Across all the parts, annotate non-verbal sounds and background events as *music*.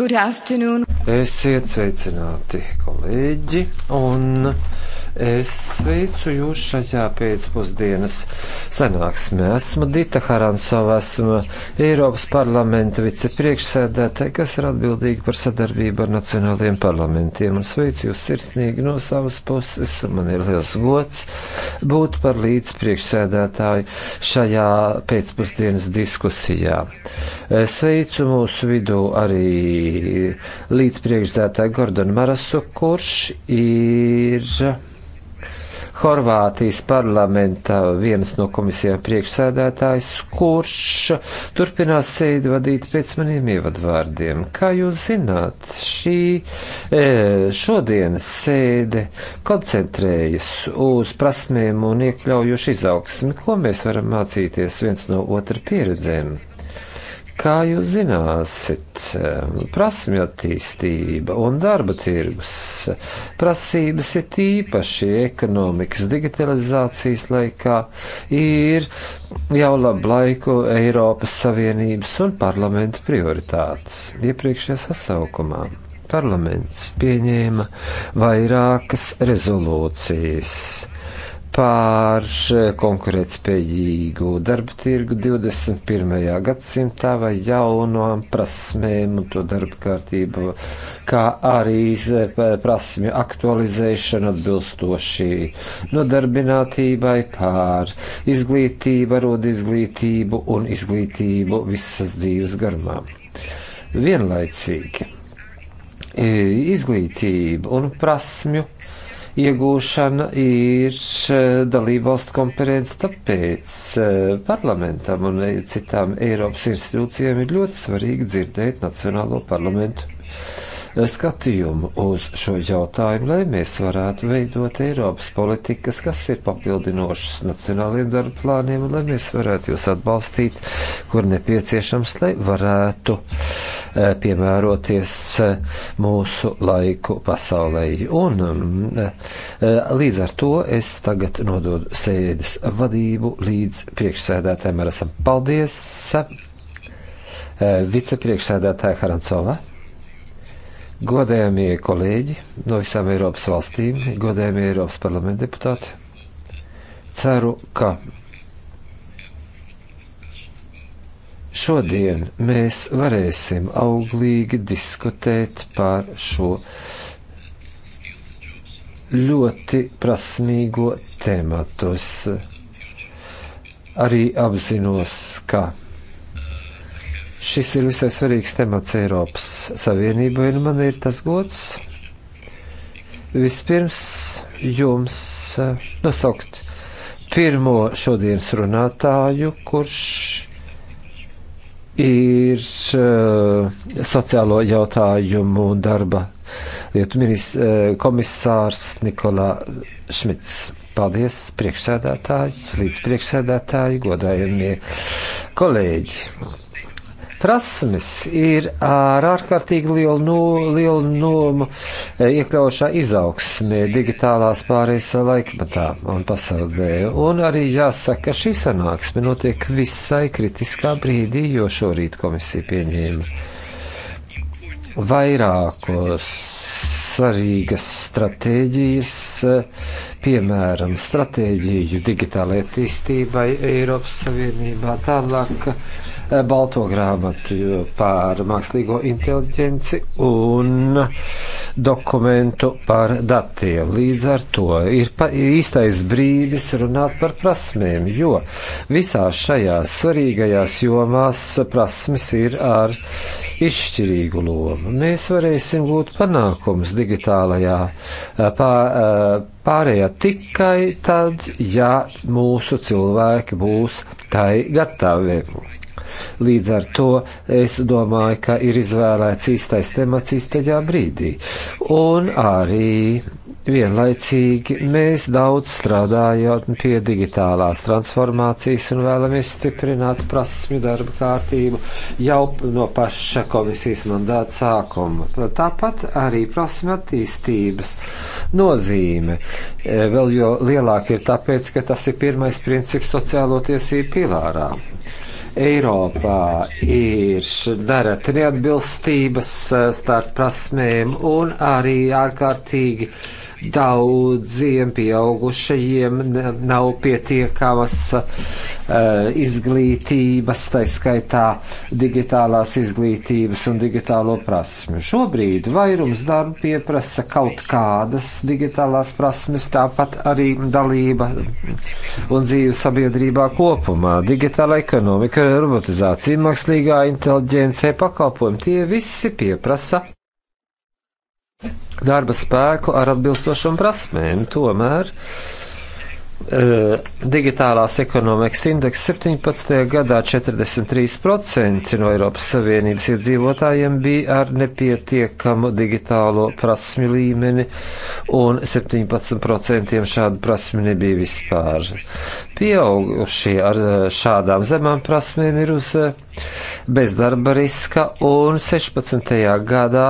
Good afternoon. Esiet sveicināti, kolēģi, un es sveicu jūs šajā pēcpusdienas sanāksmē. Esmu Dita Haransova, esmu Eiropas parlamenta vicepriekšsēdētāja, kas ir atbildīga par sadarbību ar nacionāliem parlamentiem. Un sveicu jūs sirsnīgi no savas puses, un man ir liels gods būt par līdzpriekšsēdētāju šajā pēcpusdienas diskusijā. Sveicu mūsu vidū arī līdzpriekšsēdētāju Gordonu Marasu, kurš ir Horvātijas parlamenta vienas no komisijām priekšsēdētājs, kurš turpinās sēdi vadīt pēc maniem ievadvārdiem. Kā jūs zināt, šī e, šodienas sēde koncentrējas uz prasmēm un iekļaujuši izaugsmi, ko mēs varam mācīties viens no otra pieredzēm. Kā jūs zināsiet, prasmju attīstība un darba tirgus prasības ir tīpaši ekonomikas digitalizācijas laikā, ir jau labu laiku Eiropas Savienības un parlamenta prioritātes iepriekšējā sasaukumā. Parlaments pieņēma vairākas rezolūcijas pār eh, konkurētspējīgu darba tirgu 21. gadsimtā vai jaunām prasmēm un to darba kārtību, kā arī prasmju aktualizēšanu atbilstoši nodarbinātībai pār izglītību, arodu izglītību un izglītību visas dzīves garumā. Vienlaicīgi eh, izglītība un prasmju iegūšana ir eh, dalībvalstu konferences, tāpēc eh, parlamentam un eh, citām Eiropas institūcijām ir ļoti svarīgi dzirdēt Nacionālo parlamentu skatījumu uz šo jautājumu, lai mēs varētu veidot Eiropas politikas, kas ir papildinošas nacionāliem darba plāniem, un lai mēs varētu jūs atbalstīt, kur nepieciešams, lai varētu e, piemēroties e, mūsu laiku pasaulē. Un mm, e, līdz ar to es tagad nododu sēdes vadību līdz priekšsēdētājiem. Paldies! Vicepriekšsēdētāja Harantsova godējamie kolēģi no visām Eiropas valstīm, godējamie Eiropas parlamenta deputāti. Ceru, ka šodien mēs varēsim auglīgi diskutēt par šo ļoti prasmīgo tēmatus. Arī apzinos, ka Šis ir visai svarīgs temats Eiropas Savienībai, un man ir tas gods vispirms jums eh, nosaukt pirmo šodienas runātāju, kurš ir eh, sociālo jautājumu un darba lietu eh, komisārs Nikolā Šmits. Paldies, priekšsēdētāji, līdz priekšsēdētāji, godājumie kolēģi prasmes ir ar ārkārtīgi lielu, no, lielu nomu e, iekļaušā izaugsmē digitālās pārējas laikmatā un pasaulē. Un arī jāsaka, ka šī sanāksme notiek visai kritiskā brīdī, jo šorīt komisija pieņēma vairākos svarīgas stratēģijas, e, piemēram, stratēģiju digitālajai attīstībai Eiropas Savienībā tālāk Eh, balto grāmatu eh, par mākslīgo inteliģenci un dokumentu par datiem. Līdz ar to ir pa, īstais brīdis runāt par prasmēm, jo visās šajās svarīgajās jomās prasmes ir ar izšķirīgu lomu. Mēs varēsim gūt panākumus digitālajā eh, pā, pārējā tikai tad, ja mūsu cilvēki būs tai gatavi. Līdz ar to es domāju, ka ir izvēlēts īstais temats īstajā brīdī. Un arī vienlaicīgi mēs daudz strādājot pie digitālās transformācijas un vēlamies stiprināt prasmju darba kārtību jau no paša komisijas mandāta sākuma. Tāpat arī prasme attīstības nozīme e, vēl jo lielāka ir tāpēc, ka tas ir pirmais princips sociālo tiesību pilārā. Eiropā ir darata neatbilstības eh, starp prasmēm un arī ārkārtīgi uh, Daudziem pieaugušajiem nav pietiekamas uh, izglītības, tā skaitā digitālās izglītības un digitālo prasmi. Šobrīd vairums darbu pieprasa kaut kādas digitālās prasmes, tāpat arī dalība un dzīve sabiedrībā kopumā. Digitāla ekonomika, robotizācija, mākslīgā inteliģence, pakalpojumi, tie visi pieprasa darba spēku ar atbilstošām prasmēm. Tomēr e, digitālās ekonomikas indeks 17. gadā 43% no Eiropas Savienības iedzīvotājiem bija ar nepietiekamu digitālo prasmi līmeni, un 17% šādu prasmi nebija vispār. Pieaugušie ar e, šādām zemām prasmēm ir uz e, bezdarba riska, un 16. gadā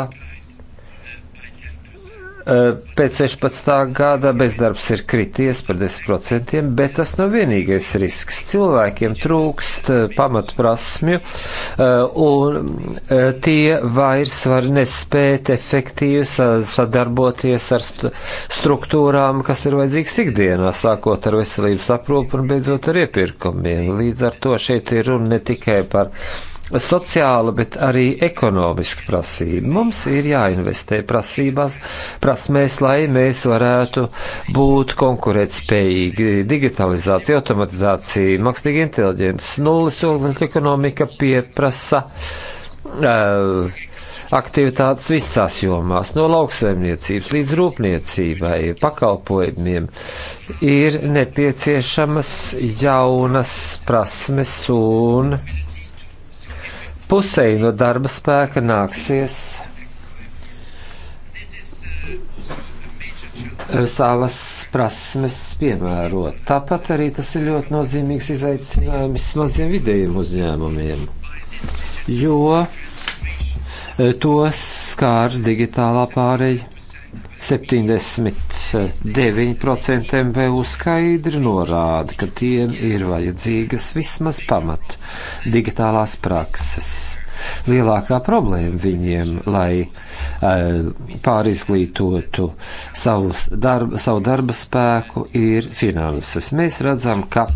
Eh, pēc 16. gada bezdarbs ir krities par 10%, bet tas nav vienīgais risks. Cilvēkiem trūkst eh, pamatprasmju, eh, un tie vairs var nespēt efektīvi sadarboties ar struktūrām, kas ir vajadzīgas ikdienā, sākot ar veselības aprūpu un beidzot ar iepirkumiem. Līdz ar to šeit ir runa ne tikai par sociāla, bet arī ekonomiska prasība. Mums ir jāinvestē prasībās, prasmēs, lai mēs varētu būt konkurētspējīgi. Digitalizācija, automatizācija, mākslīga inteliģence, nulles oglekļa ekonomika pieprasa. Uh, Aktivitātes visās jomās, no lauksaimniecības līdz rūpniecībai, pakalpojumiem, ir nepieciešamas jaunas prasmes un uh, pusēji no darba spēka nāksies eh, savas prasmes piemērot. Tāpat arī tas ir ļoti nozīmīgs izaicinājums maziem vidējiem uzņēmumiem, jo eh, tos skār digitālā pārēja 79% MVU skaidri norāda, ka tiem ir vajadzīgas vismaz pamat digitālās prakses. Lielākā problēma viņiem, lai uh, pārizglītotu savu darba, savu darba spēku, ir finanses. Mēs redzam, ka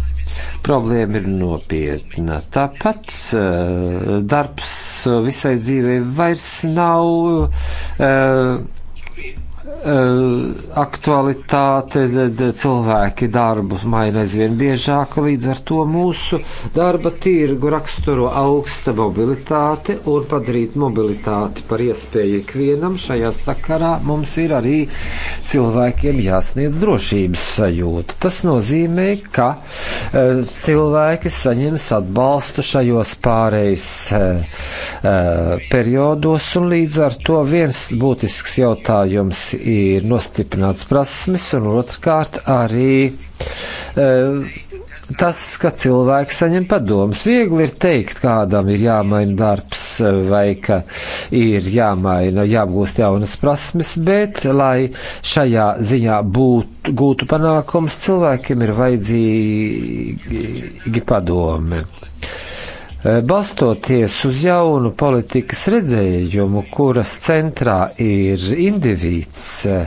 Problēma ir nopietna. Tāpat uh, darbs visai dzīvei vairs nav uh, Eh, aktualitāte, cilvēki darbu maina aizvien biežāk, līdz ar to mūsu darba tirgu raksturo augsta mobilitāte un padarīt mobilitāti par iespēju ikvienam. Šajā sakarā mums ir arī cilvēkiem jāsniedz drošības sajūta. Tas nozīmē, ka uh, cilvēki saņems atbalstu šajos pārejas uh, periodos un līdz ar to viens būtisks jautājums ir nostiprināts prasmes, un otrkārt arī e, tas, ka cilvēks saņem padomus. Viegli ir teikt, kādam ir jāmaina darbs vai ka ir jāmaina, jāapgūst jaunas prasmes, bet, lai šajā ziņā būtu, gūtu panākums, cilvēkiem ir vajadzīgi padomi. Eh, balstoties uz jaunu politikas redzējumu, kuras centrā ir individs, eh,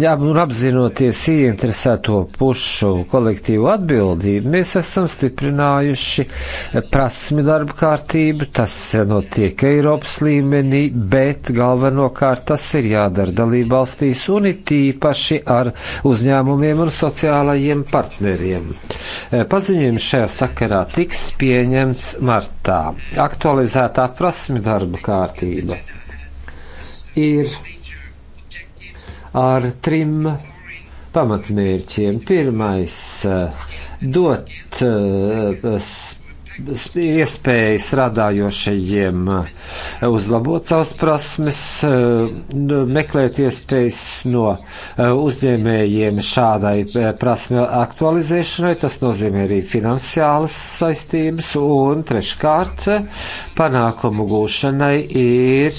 ņem un apzinoties ieinteresēto pušu kolektīvu atbildību, mēs esam stiprinājuši prasmi darba kārtību, tas notiek Eiropas līmenī, bet galvenokārt tas ir jādara dalībvalstīs un it īpaši ar uzņēmumiem un sociālajiem partneriem. Paziņojums šajā sakarā tiks pieņemts martā. Aktualizētā prasmi darba kārtība ir ar trim pamatmērķiem. Pirmais eh, - dot eh, iespējas radājošajiem uh, uzlabot savas prasmes, eh, meklēt iespējas no eh, uzņēmējiem šādai eh, prasme aktualizēšanai. Tas nozīmē arī finansiālas saistības un treškārt panākumu gūšanai ir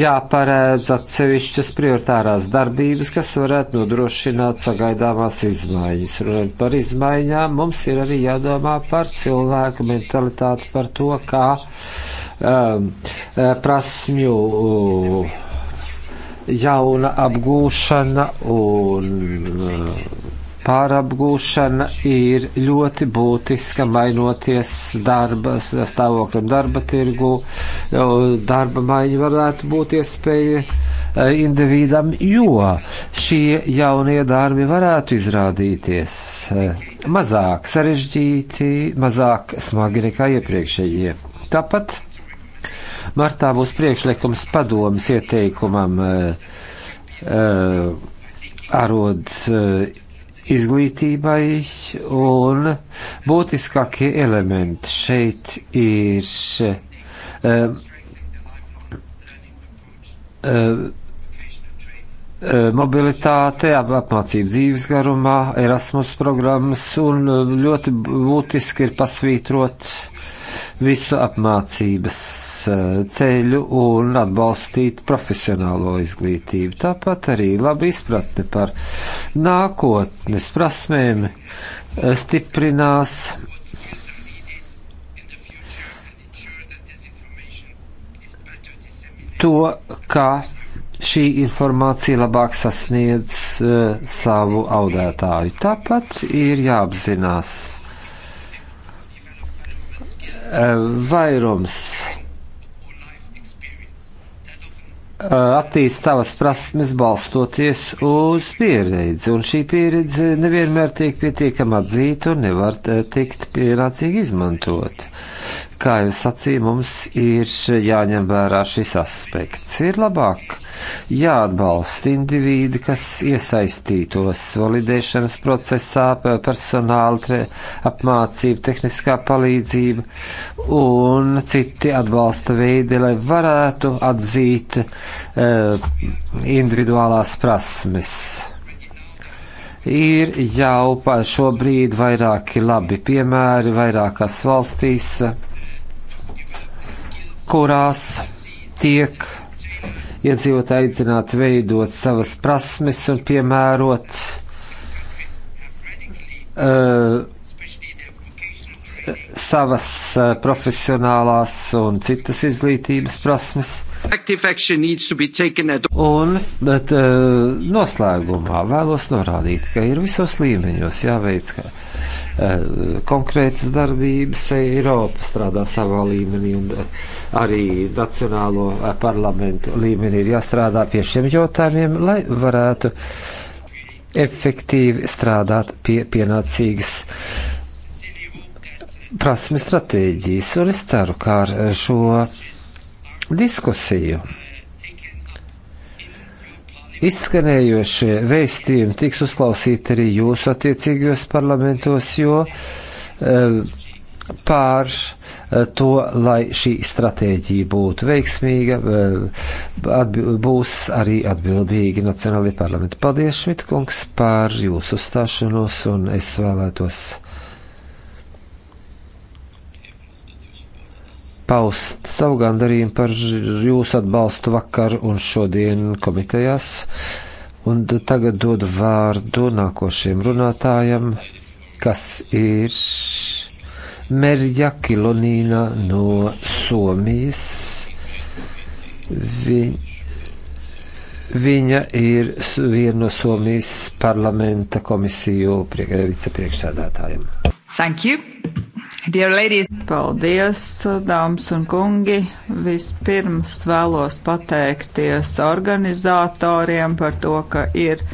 jāparēdz atsevišķas prioritārās darbības, kas varētu nodrošināt sagaidāmās izmaiņas. Runājot par izmaiņām, mums ir arī jādomā par cilvēku mentalitāti, par to, kā Um, uh, prasmju uh, jauna apgūšana un uh, pārapgūšana ir ļoti būtiska mainoties darba stāvoklim darba tirgu. Darba maiņa varētu būt iespēja individam, jo šie jaunie darbi varētu izrādīties mazāk sarežģīti, mazāk smagi nekā iepriekšējie. Tāpat Martā būs priekšlikums padomas ieteikumam eh, eh, arodas eh, izglītībai, un būtiskākie elementi šeit ir um, um, mobilitāte, apmācība dzīves garumā, Erasmus programmas, un ļoti būtiski ir pasvītrots uh, visu apmācības eh, ceļu un atbalstīt profesionālo izglītību. Tāpat arī laba izpratne par nākotnes prasmēm eh, stiprinās to, ka šī informācija labāk sasniedz uh, savu audētāju. Tāpat ir jāapzinās Eh, vairums eh, attīst savas prasmes balstoties uz pieredzi, un šī pieredze nevienmēr tiek pietiekama atzīta un nevar eh, tikt pienācīgi izmantot kā jau sacīju, mums ir jāņem vērā šis aspekts. Ir labāk jāatbalsta indivīdi, kas iesaistītos validēšanas procesā, personāla tre, apmācība, tehniskā palīdzība un citi atbalsta veidi, lai varētu atzīt uh, individuālās prasmes ir jau šobrīd vairāki labi piemēri vairākās valstīs kurās tiek iedzīvotāji aicināti veidot savas prasmes un piemērot uh, savas eh, profesionālās un citas izglītības prasmes. Un, bet eh, noslēgumā vēlos norādīt, ka ir visos līmeņos jāveic ka, eh, konkrētas darbības. Eiropa strādā savā līmenī un arī nacionālo parlamentu līmenī ir jāstrādā pie šiem jautājumiem, lai varētu efektīvi strādāt pie pienācīgas prasme stratēģijas, un es ceru, ka ar šo diskusiju izskanējošie vēstījumi tiks uzklausīti arī jūsu attiecīgajos parlamentos, jo eh, pār eh, to, lai šī stratēģija būtu veiksmīga, eh, būs arī atbildīgi Nacionālajie parlamenti. Paldies, Šmitkungs, par jūsu uzstāšanos, un es vēlētos. paust savu gandarījumu par jūsu atbalstu vakar un šodien komitejās. Un tagad dodu vārdu nākošiem runātājam, kas ir Merja Kilonīna no Somijas. Vi, viņa ir viena no Somijas parlamenta komisiju prie, vicepriekšsēdētājiem. Thank you. Paldies, dāmas un kungi! Vispirms vēlos pateikties organizatoriem par to, ka ir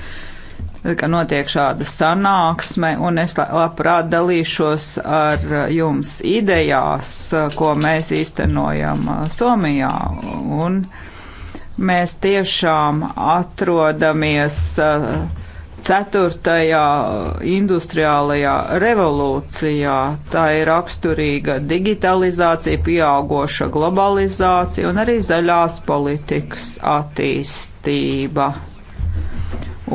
ka notiek šāda sanāksme, un es labprāt dalīšos ar jums idejās, ko mēs īstenojam Somijā. Un mēs tiešām atrodamies uh, Ceturtajā industriālajā revolūcijā tā ir raksturīga digitalizācija, pieaugoša globalizācija un arī zaļās politikas attīstība.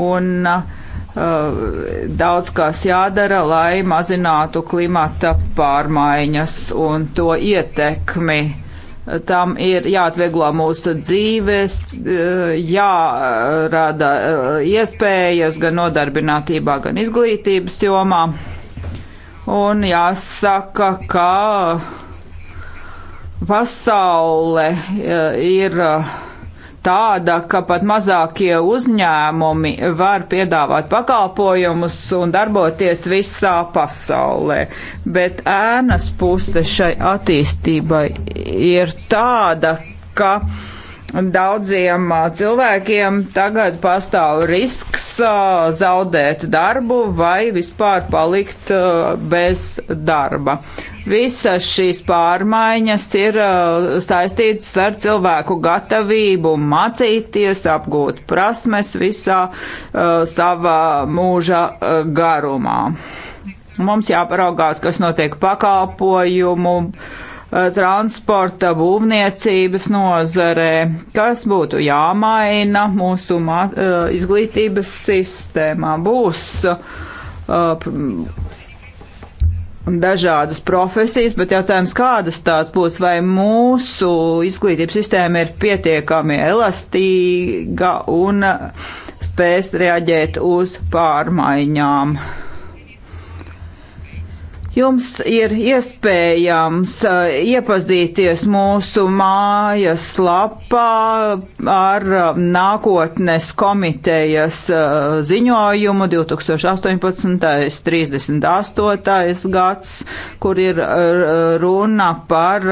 Un uh, daudz kas jādara, lai mazinātu klimata pārmaiņas un to ietekmi Tam ir jāatvieglo mūsu dzīves, eh, jārada eh, iespējas gan nodarbinātībā, gan izglītības jomā. Un jāsaka, ka eh, pasaule ir tāda, ka pat mazākie uzņēmumi var piedāvāt pakalpojumus un darboties visā pasaulē. Bet ēnas puse šai attīstībai ir tāda, ka daudziem cilvēkiem tagad pastāv risks zaudēt darbu vai vispār palikt bez darba. Visas šīs pārmaiņas ir saistītas ar cilvēku gatavību mācīties, apgūt prasmes visā savā mūža garumā. Mums jāparaugās, kas notiek pakalpojumu Eh, transporta būvniecības nozarē, kas būtu jāmaina mūsu eh, izglītības sistēmā. Būs eh, dažādas profesijas, bet jautājums, kādas tās būs, vai mūsu izglītības sistēma ir pietiekami elastīga un spēs reaģēt uz pārmaiņām. Jums ir iespējams uh, iepazīties mūsu mājas lapā ar uh, nākotnes komitejas uh, ziņojumu 2018.38. gads, kur ir runa par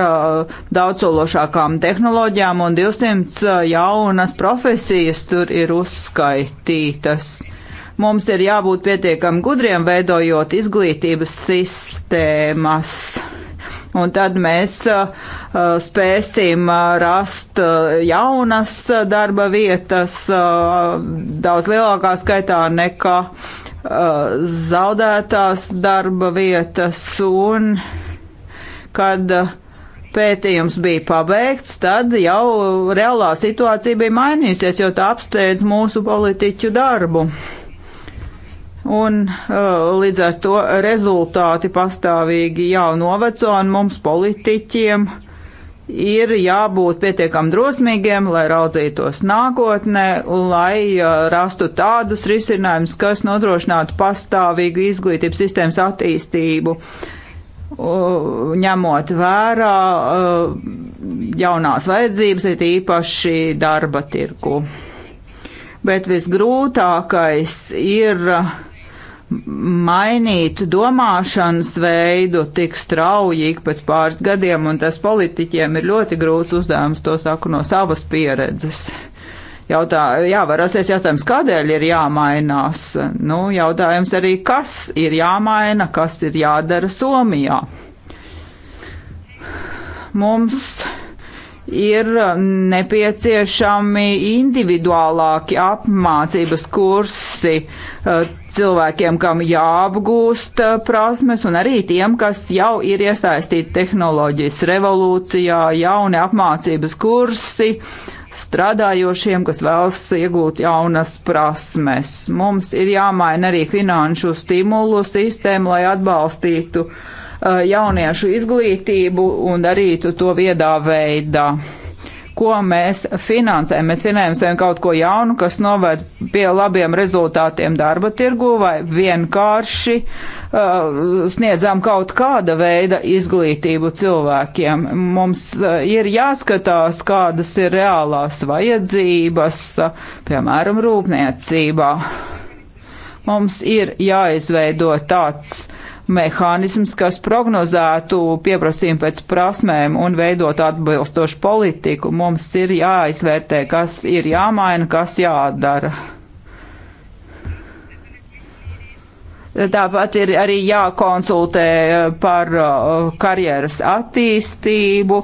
daudzološākām tehnoloģijām un 200 jaunas profesijas tur ir uzskaitītas. Mums ir jābūt pietiekami gudriem, veidojot izglītības sistēmas. Un tad mēs uh, uh spēsim uh, rast uh, jaunas uh, darba vietas uh, daudz lielākā skaitā nekā zaudētās darba vietas. Un kad pētījums bija pabeigts, tad jau reālā situācija bija mainījusies, jo tā apsteidz mūsu politiķu darbu. Un uh, līdz ar to rezultāti pastāvīgi jau noveco, un mums politiķiem ir jābūt pietiekam drosmīgiem, lai raudzītos nākotnē, un lai uh, rastu tādus risinājumus, kas nodrošinātu pastāvīgu izglītības sistēmas attīstību, uh, ņemot vērā jaunās vajadzības, it īpaši darba tirku. Bet visgrūtākais ir mainīt domāšanas veidu tik strauji ik pēc pāris gadiem, un tas politiķiem ir ļoti grūts uzdevums, to saku no savas pieredzes. Jautā, jā, var rasties jautājums, kādēļ ir jāmainās. Nu, jautājums arī, kas ir jāmaina, kas ir jādara Somijā. Mums ir nepieciešami individuālāki apmācības kursi eh, cilvēkiem, kam jāapgūst eh, prasmes, un arī tiem, kas jau ir iesaistīti tehnoloģijas revolūcijā, jauni apmācības kursi, strādājošiem, kas vēlas iegūt jaunas prasmes. Mums ir jāmaina arī finanšu stimulu sistēmu, lai atbalstītu eh, jauniešu izglītību un darītu to viedā veidā ko mēs finansējam. Mēs finansējam kaut ko jaunu, kas noved pie labiem rezultātiem darba tirgu vai vienkārši uh, sniedzam kaut kāda veida izglītību cilvēkiem. Mums uh, ir jāskatās, kādas ir reālās vajadzības, uh, piemēram, rūpniecībā. Mums ir jāizveido tāds uh, mehānisms, kas prognozētu pieprasījumu pēc prasmēm un veidot atbilstošu politiku. Mums ir jāizvērtē, kas ir jāmaina, kas jādara. Tāpat ir arī jākonsultē eh, par eh, karjeras attīstību,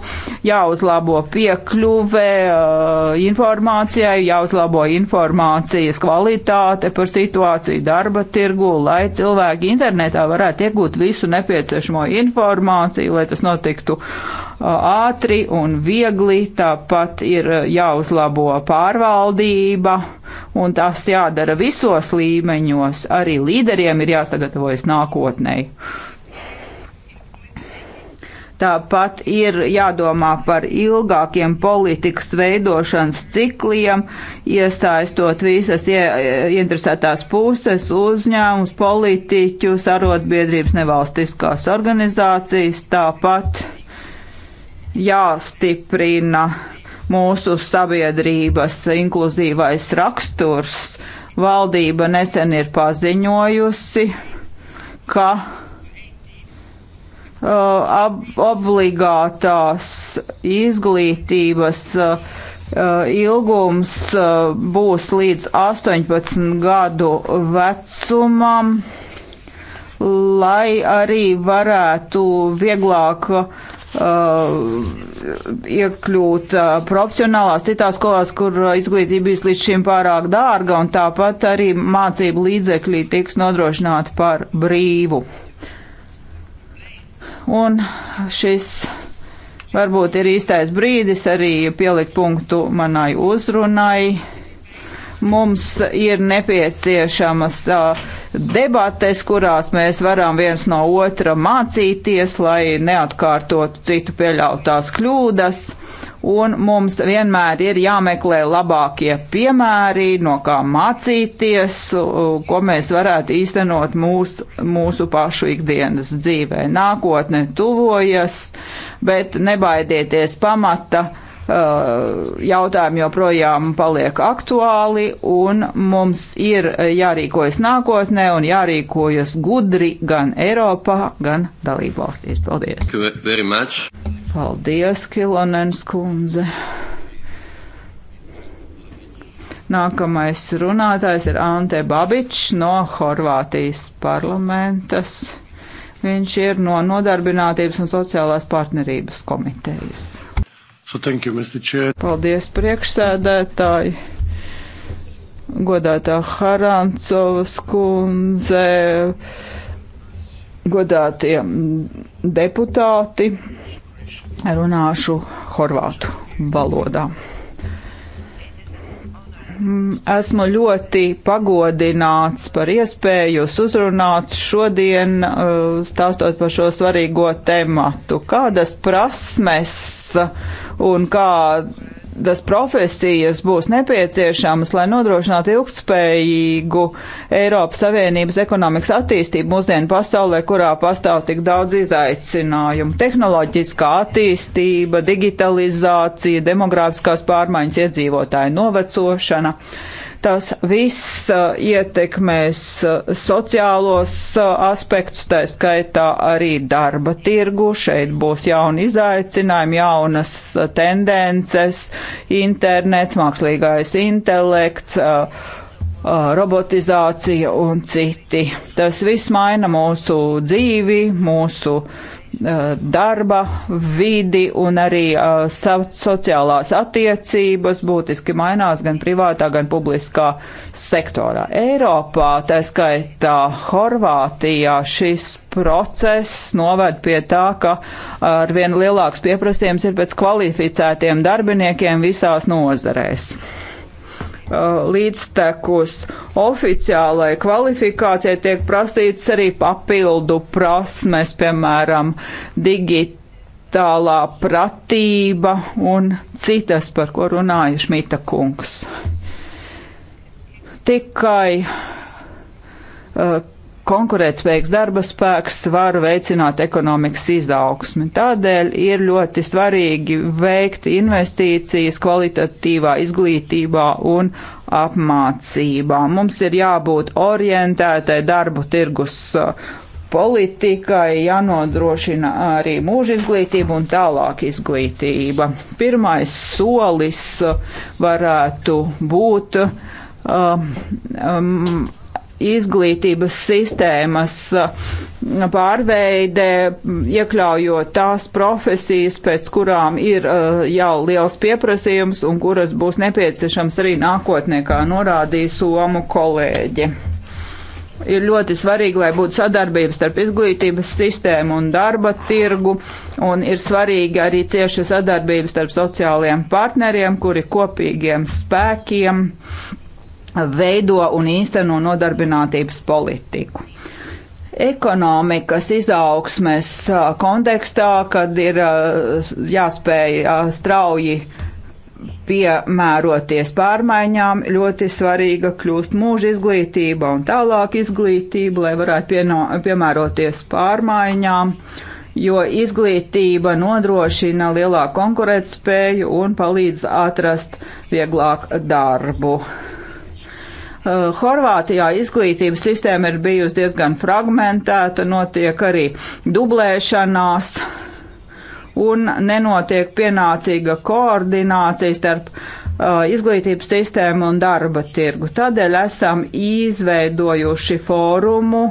jāuzlabo piekļuve eh, informācijai, jāuzlabo informācijas kvalitāte par situāciju darba tirgu, lai cilvēki internetā varētu iegūt visu nepieciešamo informāciju, lai tas notiktu ātri un viegli, tāpat ir eh, jāuzlabo pārvaldība, un tas jādara visos līmeņos. Arī līderiem ir jāsagatavojas nākotnēji. Tāpat ir jādomā par ilgākiem politikas veidošanas cikliem, iesaistot visas ieinteresētās puses, uzņēmums, politiķus, arotbiedrības, nevalstiskās organizācijas. Tāpat jāstiprina mūsu sabiedrības inkluzīvais raksturs. Valdība nesen ir paziņojusi, ka uh, ab, obligātās izglītības uh, ilgums uh, būs līdz 18 gadu vecumam, lai arī varētu vieglāk uh, Uh, iekļūt uh, profesionālās citās skolās, kur uh, izglītība bijusi līdz šim pārāk dārga, un tāpat arī mācību līdzekļi tiks nodrošināti par brīvu. Un šis varbūt ir īstais brīdis arī pielikt punktu manai uzrunai mums ir nepieciešamas debates, kurās mēs varam viens no otra mācīties, lai neatkārtotu citu pieļautās kļūdas. Un mums vienmēr ir jāmeklē labākie piemēri, no kā mācīties, ko mēs varētu īstenot mūsu, mūsu pašu ikdienas dzīvē. Nākotne tuvojas, bet nebaidieties pamata Eh, jautājumi joprojām paliek aktuāli, un mums ir eh, jārīkojas nākotnē un jārīkojas gudri gan Eiropā, gan dalību valstīs. Paldies! Paldies, Kilonens kundze! Nākamais runātājs ir Ante Babičs no Horvātijas parlamentas. Viņš ir no Nodarbinātības un sociālās partnerības komitejas. So thank you, Mr. Chair. Paldies, priekšsēdētāji. Godātā Harantsovas kundze, godātie deputāti, runāšu horvātu valodā esmu ļoti pagodināts par iespēju jūs uzrunāt šodien, uh, stāstot par šo svarīgo tematu. Kādas prasmes uh, un kādas profesijas būs nepieciešamas, lai nodrošinātu ilgspējīgu Eiropas Savienības ekonomikas attīstību mūsdienu pasaulē, kurā pastāv tik daudz izaicinājumu. Tehnoloģiskā attīstība, digitalizācija, demogrāfiskās pārmaiņas, iedzīvotāju novecošana. Uh, Tas viss uh, ietekmēs uh, sociālos uh, aspektus, tā skaitā arī darba tirgu. Šeit būs jauni izaicinājumi, jaunas tendences, internets, mākslīgais intelekts robotizācija un citi. Tas viss maina mūsu dzīvi, mūsu uh, Eh, darba vidi un arī eh, sociālās attiecības būtiski mainās gan privātā, gan publiskā sektorā. Eiropā, tā skaitā Horvātijā, šis process noved pie tā, ka ar vien lielāks pieprasījums ir pēc kvalificētiem darbiniekiem visās nozarēs. Eh, līdztekus. Oficiālai kvalifikācijai tiek prasīts arī papildu prasmes, piemēram, digitālā pratība un citas, par ko runāja Šmita kungs. Tikai uh, konkurētspējīgs darba spēks var veicināt ekonomikas izaugsmi. Tādēļ ir ļoti svarīgi veikt investīcijas kvalitatīvā izglītībā un apmācībā. Mums ir jābūt orientētai darbu tirgus uh, politikai jānodrošina arī mūža izglītība un tālāk izglītība. Pirmais solis uh, varētu būt uh, um, um, izglītības sistēmas uh, pārveide, iekļaujot tās profesijas, pēc kurām ir uh, jau liels pieprasījums un kuras būs nepieciešams arī nākotnē, kā norādīja Somu kolēģi ir ļoti svarīgi, lai būtu sadarbība starp izglītības sistēmu un darba tirgu, un ir svarīgi arī cieša sadarbība starp sociālajiem partneriem, kuri kopīgiem spēkiem veido un īsteno nodarbinātības politiku. Ekonomikas izaugsmes kontekstā, kad ir jāspēj strauji piemēroties pārmaiņām, ļoti svarīga kļūst mūža izglītība un tālāk izglītība, lai varētu pieno, piemēroties pārmaiņām, jo izglītība nodrošina lielāku konkurētspēju un palīdz atrast vieglāk darbu. Eh, Horvātijā izglītības sistēma ir bijusi diezgan fragmentēta, notiek arī dublēšanās un nenotiek pienācīga koordinācija starp eh, izglītības sistēmu un darba tirgu. Tādēļ esam izveidojuši fórumu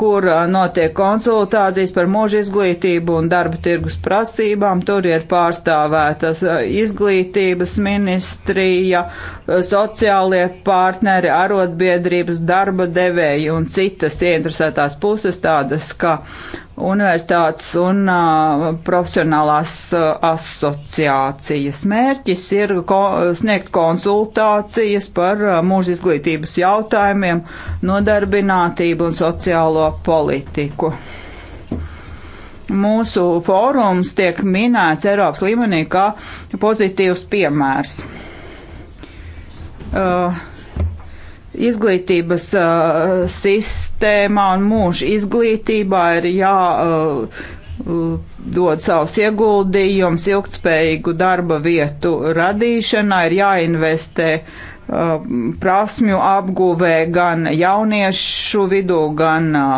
kur notiek konsultācijas par mūža izglītību un darba tirgus prasībām. Tur ir pārstāvētas izglītības ministrija, sociālie partneri, arotbiedrības, darba devēji un citas ieinteresētās puses tādas, kā universitātes un uh, profesionālās uh, asociācijas. Mērķis ir ko, sniegt konsultācijas par uh, mūža izglītības jautājumiem, nodarbinātību un sociālo politiku. Mūsu fórums tiek minēts Eiropas līmenī kā pozitīvs piemērs. Uh, izglītības uh, sistēmā un mūža izglītībā ir jā. Uh, dod savus ieguldījumus ilgtspējīgu darba vietu radīšanā, ir jāinvestē uh, prasmju apguvē gan jauniešu vidū, gan uh,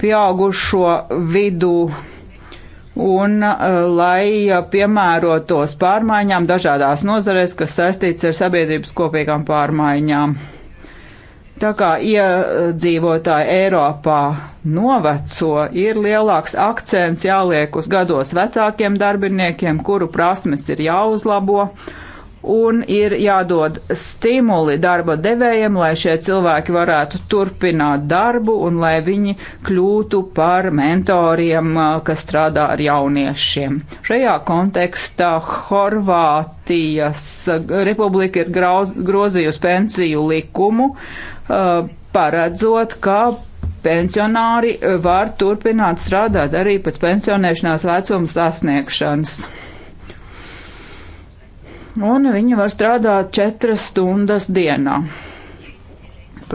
pieaugušo vidū un lai piemērotos pārmaiņām dažādās nozarēs, kas saistīts ar sabiedrības kopīgām pārmaiņām. Tā kā iedzīvotāji Eiropā noveco, ir lielāks akcents jāliek uz gados vecākiem darbiniekiem, kuru prasmes ir jāuzlabo. Un ir jādod stimuli darba devējiem, lai šie cilvēki varētu turpināt darbu un lai viņi kļūtu par mentoriem, kas strādā ar jauniešiem. Šajā kontekstā Horvātijas republika ir grozījusi pensiju likumu, Uh, paredzot, ka pensionāri uh, var turpināt strādāt arī pēc pensionēšanās vecuma sasniegšanas. Un viņi var strādāt četras stundas dienā.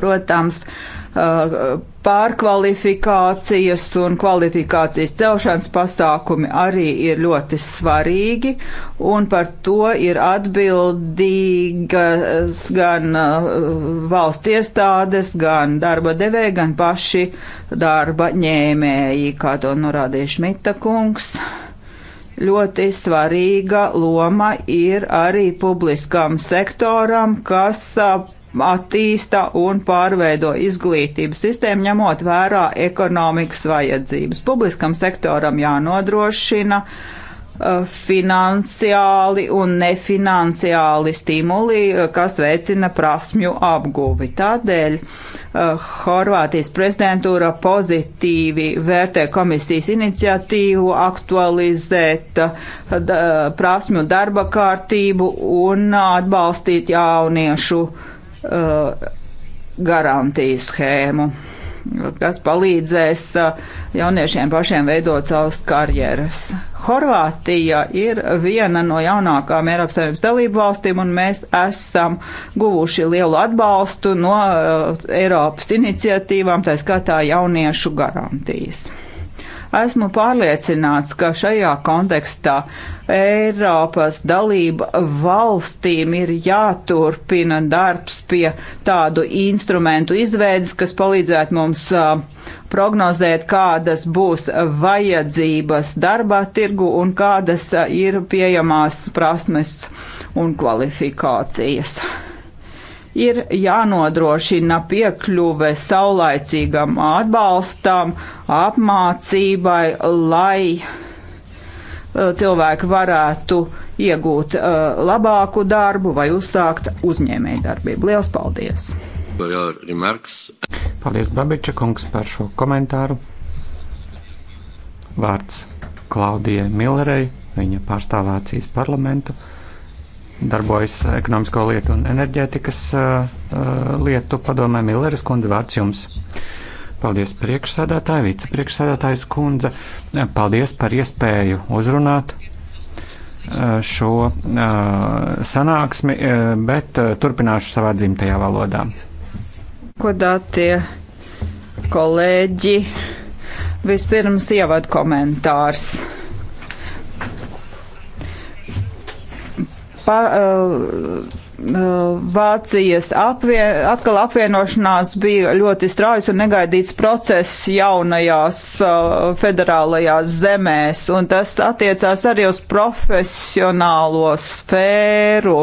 Protams, uh, Eh, pārkvalifikācijas un kvalifikācijas celšanas pasākumi arī ir ļoti svarīgi, un par to ir atbildīgas gan eh, valsts iestādes, gan darba devēja, gan paši darba ņēmēji, kā to norādīja Šmita kungs. Ļoti svarīga loma ir arī publiskam sektoram, kas eh, attīsta un pārveido izglītības sistēmu, ņemot vērā ekonomikas vajadzības. Publiskam sektoram jānodrošina uh, finansiāli un nefinanciāli stimuli, uh, kas veicina prasmju apguvi. Tādēļ uh, Horvātijas prezidentūra pozitīvi vērtē komisijas iniciatīvu aktualizēt uh, uh prasmju darba kārtību un atbalstīt jauniešu uh, Uh, garantiju schēmu, kas palīdzēs uh, jauniešiem pašiem veidot savas karjeras. Horvātija ir viena no jaunākām Eiropas Savienības dalību valstīm, un mēs esam guvuši lielu atbalstu no uh, Eiropas iniciatīvām, tā skatā jauniešu garantijas. Esmu pārliecināts, ka šajā kontekstā Eiropas dalība valstīm ir jāturpina darbs pie tādu instrumentu izveidas, kas palīdzētu mums prognozēt, kādas būs vajadzības darbā tirgu un kādas ir pieejamās prasmes un kvalifikācijas ir jānodrošina piekļuve saulaicīgam atbalstam, apmācībai, lai e, cilvēki varētu iegūt uh, labāku darbu vai uzsākt uzņēmēju darbību. Lielas paldies! Paldies, Babiča kungs, par šo komentāru. Vārds Klaudijai Millerei, viņa pārstāv Vācijas parlamentu darbojas ekonomisko lietu un enerģētikas lietu padomē Milleris kundze vārds jums. Paldies priekšsādātāji, vicepriekšsādātājs kundze. Paldies par iespēju uzrunāt šo sanāksmi, bet turpināšu savā dzimtajā valodā. Godātie kolēģi, vispirms ievad komentārs pa, eh, eh, Vācijas apvien, atkal apvienošanās bija ļoti straujas un negaidīts process jaunajās eh, federālajās zemēs, un tas attiecās arī uz profesionālo sfēru.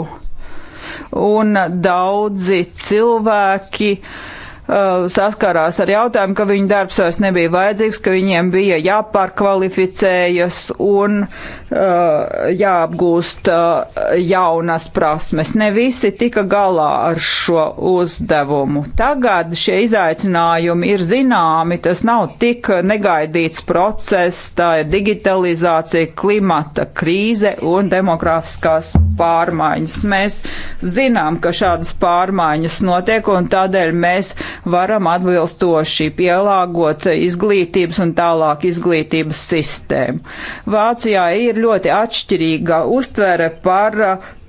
Un daudzi cilvēki uh, Uh, saskarās ar jautājumu, ka viņu darbs vairs nebija vajadzīgs, ka viņiem bija jāpārkvalificējas un uh, jāapgūst uh, jaunas prasmes. Ne visi tika galā ar šo uzdevumu. Tagad šie izaicinājumi ir zināmi, tas nav tik negaidīts process, tā ir digitalizācija, klimata krīze un demografiskās pārmaiņas. Mēs zinām, ka šādas pārmaiņas notiek, un tādēļ mēs varam atbilstoši pielāgot izglītības un tālāk izglītības sistēmu. Vācijā ir ļoti atšķirīga uztvere par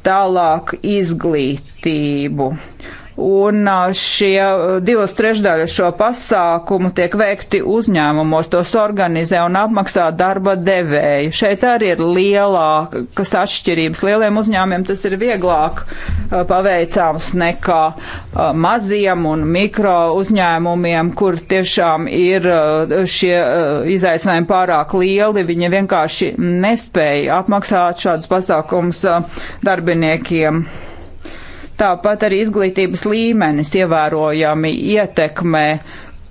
tālāk izglītību. Uh, Un šie divas trešdaļas šo pasākumu tiek veikti uzņēmumos, tos organizē un apmaksā darba devēji. Šeit arī ir lielākas atšķirības. Lieliem uzņēmumiem tas ir vieglāk paveicāms nekā maziem un mikro uzņēmumiem, kur tiešām ir šie izaicinājumi pārāk lieli. Viņi vienkārši nespēja apmaksāt šādus pasākumus darbiniekiem. Tāpat arī izglītības līmenis ievērojami ietekmē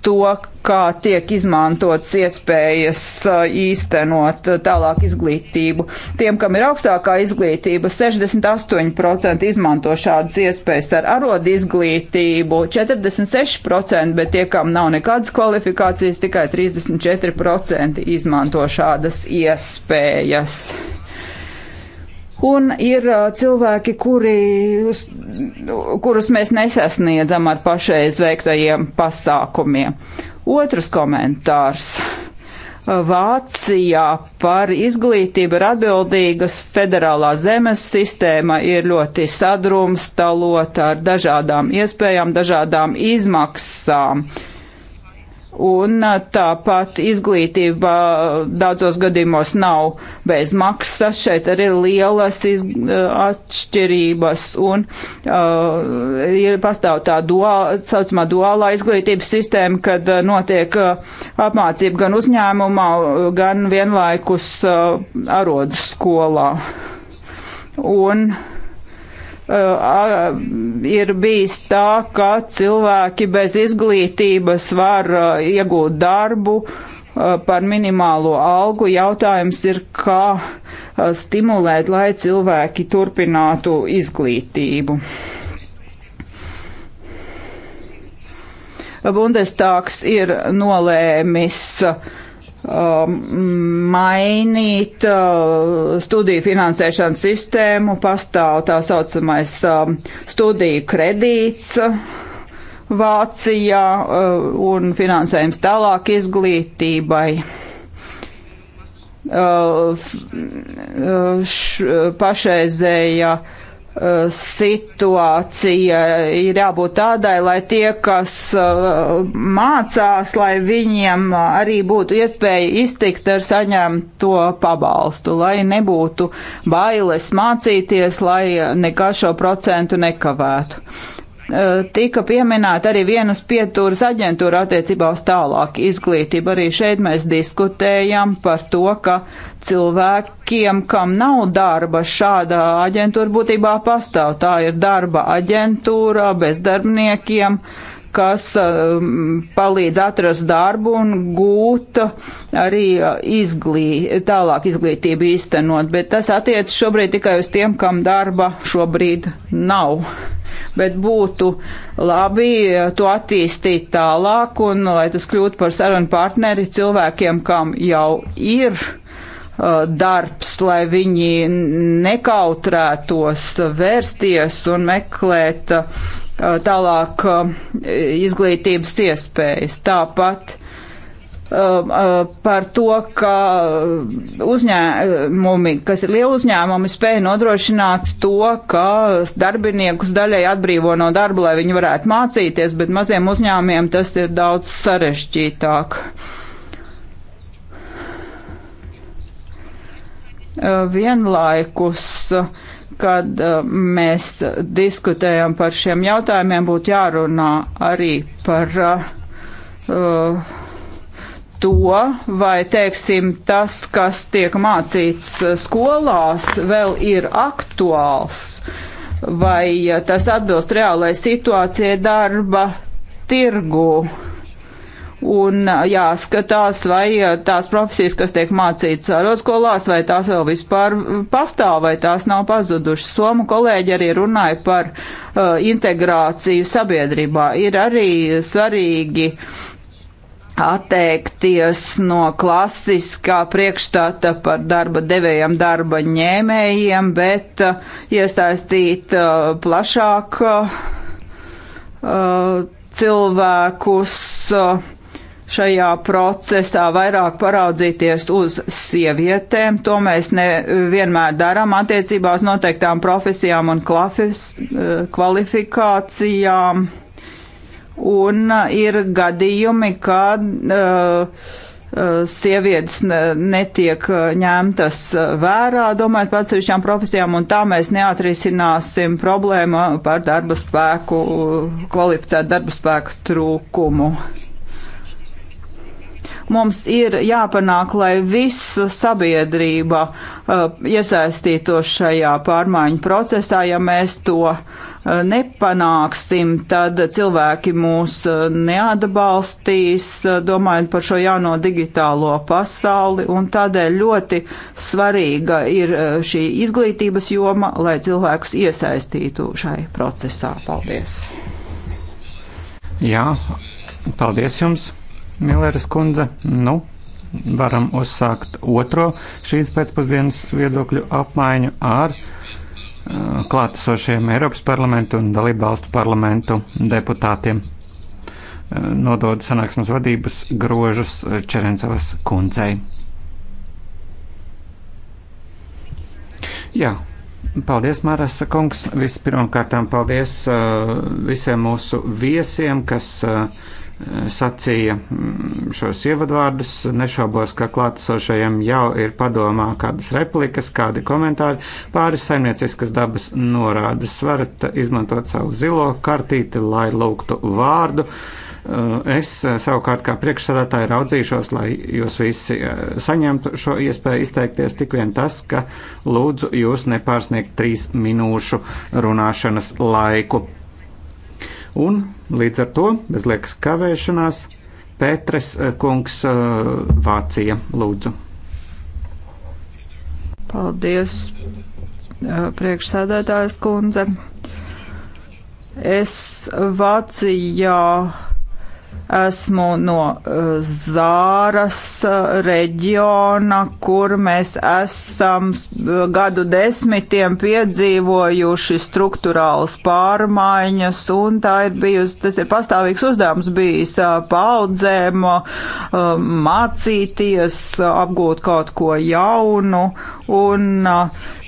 to, kā tiek izmantots iespējas uh, īstenot uh, tālāk izglītību. Tiem, kam ir augstākā izglītība, 68% izmanto šādas iespējas ar arodu izglītību, 46%, bet tie, kam nav nekādas kvalifikācijas, tikai 34% izmanto šādas iespējas. Un ir uh, cilvēki, kuri, kurus mēs nesasniedzam ar pašreiz veiktajiem pasākumiem. Otrs komentārs. Uh, Vācijā par izglītību ir atbildīgas federālā zemes sistēma, ir ļoti sadrumstalota ar dažādām iespējām, dažādām izmaksām. Uh, Un tāpat izglītība daudzos gadījumos nav bez maksas. Šeit arī ir lielas atšķirības un uh, ir pastāv tā duāla, saucamā duālā izglītības sistēma, kad notiek uh, apmācība gan uzņēmumā, gan vienlaikus uh, arodas skolā. Un, uh, Uh, uh, ir bijis tā, ka cilvēki bez izglītības var uh, iegūt darbu par minimālo algu. Jautājums ir, kā stimulēt, lai cilvēki turpinātu izglītību. Bundestāgs ir nolēmis uh, Um, mainīt uh, studiju finansēšanas sistēmu, pastāv tā saucamais um, studiju kredīts uh, Vācijā uh, un finansējums tālāk izglītībai. Pašreizējā ja Eh, situācija ir jābūt tādai, lai tie, kas eh, mācās, lai viņiem arī būtu iespēja iztikt ar saņemto pabalstu, lai nebūtu bailes mācīties, lai nekā šo procentu nekavētu. Eh, tika pieminēta arī vienas pieturas aģentūra attiecībā uz tālāku izglītību. Arī šeit mēs diskutējam par to, ka cilvēkiem, kam nav darba, šāda aģentūra būtībā pastāv. Tā ir darba aģentūra bezdarbniekiem. Uh, kas eh, palīdz atrast darbu un gūt eh, arī eh, izglī, tālāk izglītību īstenot, bet tas attiec šobrīd tikai uz tiem, kam darba šobrīd nav. Bet būtu labi to attīstīt tālāk un lai tas kļūtu par sarunu partneri cilvēkiem, kam jau ir Uh, darbs, lai viņi nekautrētos vērsties un meklēt uh, tālāk uh, izglītības iespējas. Tāpat um, par to, ka uzņēmumi, kas ir lieli uzņēmumi, spēja nodrošināt to, ka darbiniekus daļai atbrīvo no darba, lai viņi varētu mācīties, bet maziem uzņēmumiem tas ir daudz sarežģītāk. Uh, Uh, vienlaikus, kad uh, mēs diskutējam par šiem jautājumiem, būtu jārunā arī par uh, to, vai, teiksim, tas, kas tiek mācīts uh, skolās, vēl ir aktuāls, vai tas atbilst reālajai situācijai darba tirgu un jāskatās, vai tās profesijas, kas tiek mācītas ārotskolās, vai tās vēl vispār pastāv, vai tās nav pazudušas. Somu kolēģi arī runāja par uh, integrāciju sabiedrībā. Ir arī svarīgi atteikties no klasiskā priekšstata par darba devējiem, darba ņēmējiem, bet uh, iesaistīt uh, plašāk uh, cilvēkus. Uh, šajā procesā vairāk paraudzīties uz sievietēm. To mēs nevienmēr darām attiecībā uz noteiktām profesijām un klafis, eh, kvalifikācijām. Un eh, ir gadījumi, kad uh, sievietes netiek ņemtas vērā, domājot par atsevišķām profesijām, un tā mēs neatrisināsim problēmu par darba spēku, kvalificētu darba spēku trūkumu. Mums ir jāpanāk, lai visa sabiedrība uh, iesaistītos šajā pārmaiņu procesā. Ja mēs to uh, nepanāksim, tad cilvēki mūs uh, neatbalstīs, uh, domājot par šo jauno digitālo pasauli, un tādēļ ļoti svarīga ir uh, šī izglītības joma, lai cilvēkus iesaistītu šai procesā. Paldies! Jā, paldies jums! Milleres kundze, nu, varam uzsākt otro šīs pēcpusdienas viedokļu apmaiņu ar uh, klātesošiem Eiropas parlamentu un dalībvalstu parlamentu deputātiem. Uh, Nododu sanāksmes vadības grožus uh, Čerencevas kundzei. Jā, Paldies, Māras kungs. Vispirmkārt, paldies uh, visiem mūsu viesiem, kas uh, sacīja mm, šos ievadvārdus. Nešaubos, ka klātesošajiem jau ir padomā kādas replikas, kādi komentāri, pāris saimnieciskas dabas norādes. Varat izmantot savu zilo kartīti, lai lūgtu vārdu. Eh, es eh, savukārt kā priekšsādātāji raudzīšos, lai jūs visi eh, saņemtu šo iespēju izteikties tik vien tas, ka lūdzu jūs nepārsniegt trīs minūšu runāšanas laiku. Un līdz ar to, bez liekas kavēšanās, Pētres eh, kungs eh, Vācija lūdzu. Paldies, eh, priekšsēdētājs kundze. Es Vācijā Esmu no eh, Zāras eh, reģiona, kur mēs esam eh, gadu desmitiem piedzīvojuši struktūrāls pārmaiņas, un tā ir bijusi, tas ir pastāvīgs uzdevums bijis paudzēm mācīties, apgūt kaut ko jaunu, un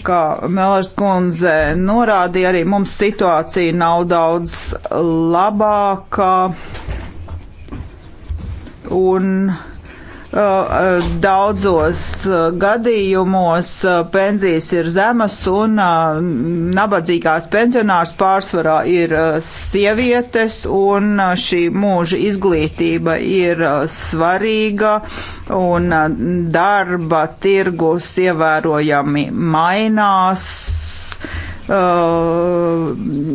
kā Melers kundze norādīja, arī mums situācija nav daudz labāka un uh, uh, daudzos uh, gadījumos pensijas ir zemas un nabadzīgās pensionārs pārsvarā ir sievietes un šī mūža izglītība ir svarīga un darba tirgus ievērojami mainās Uh,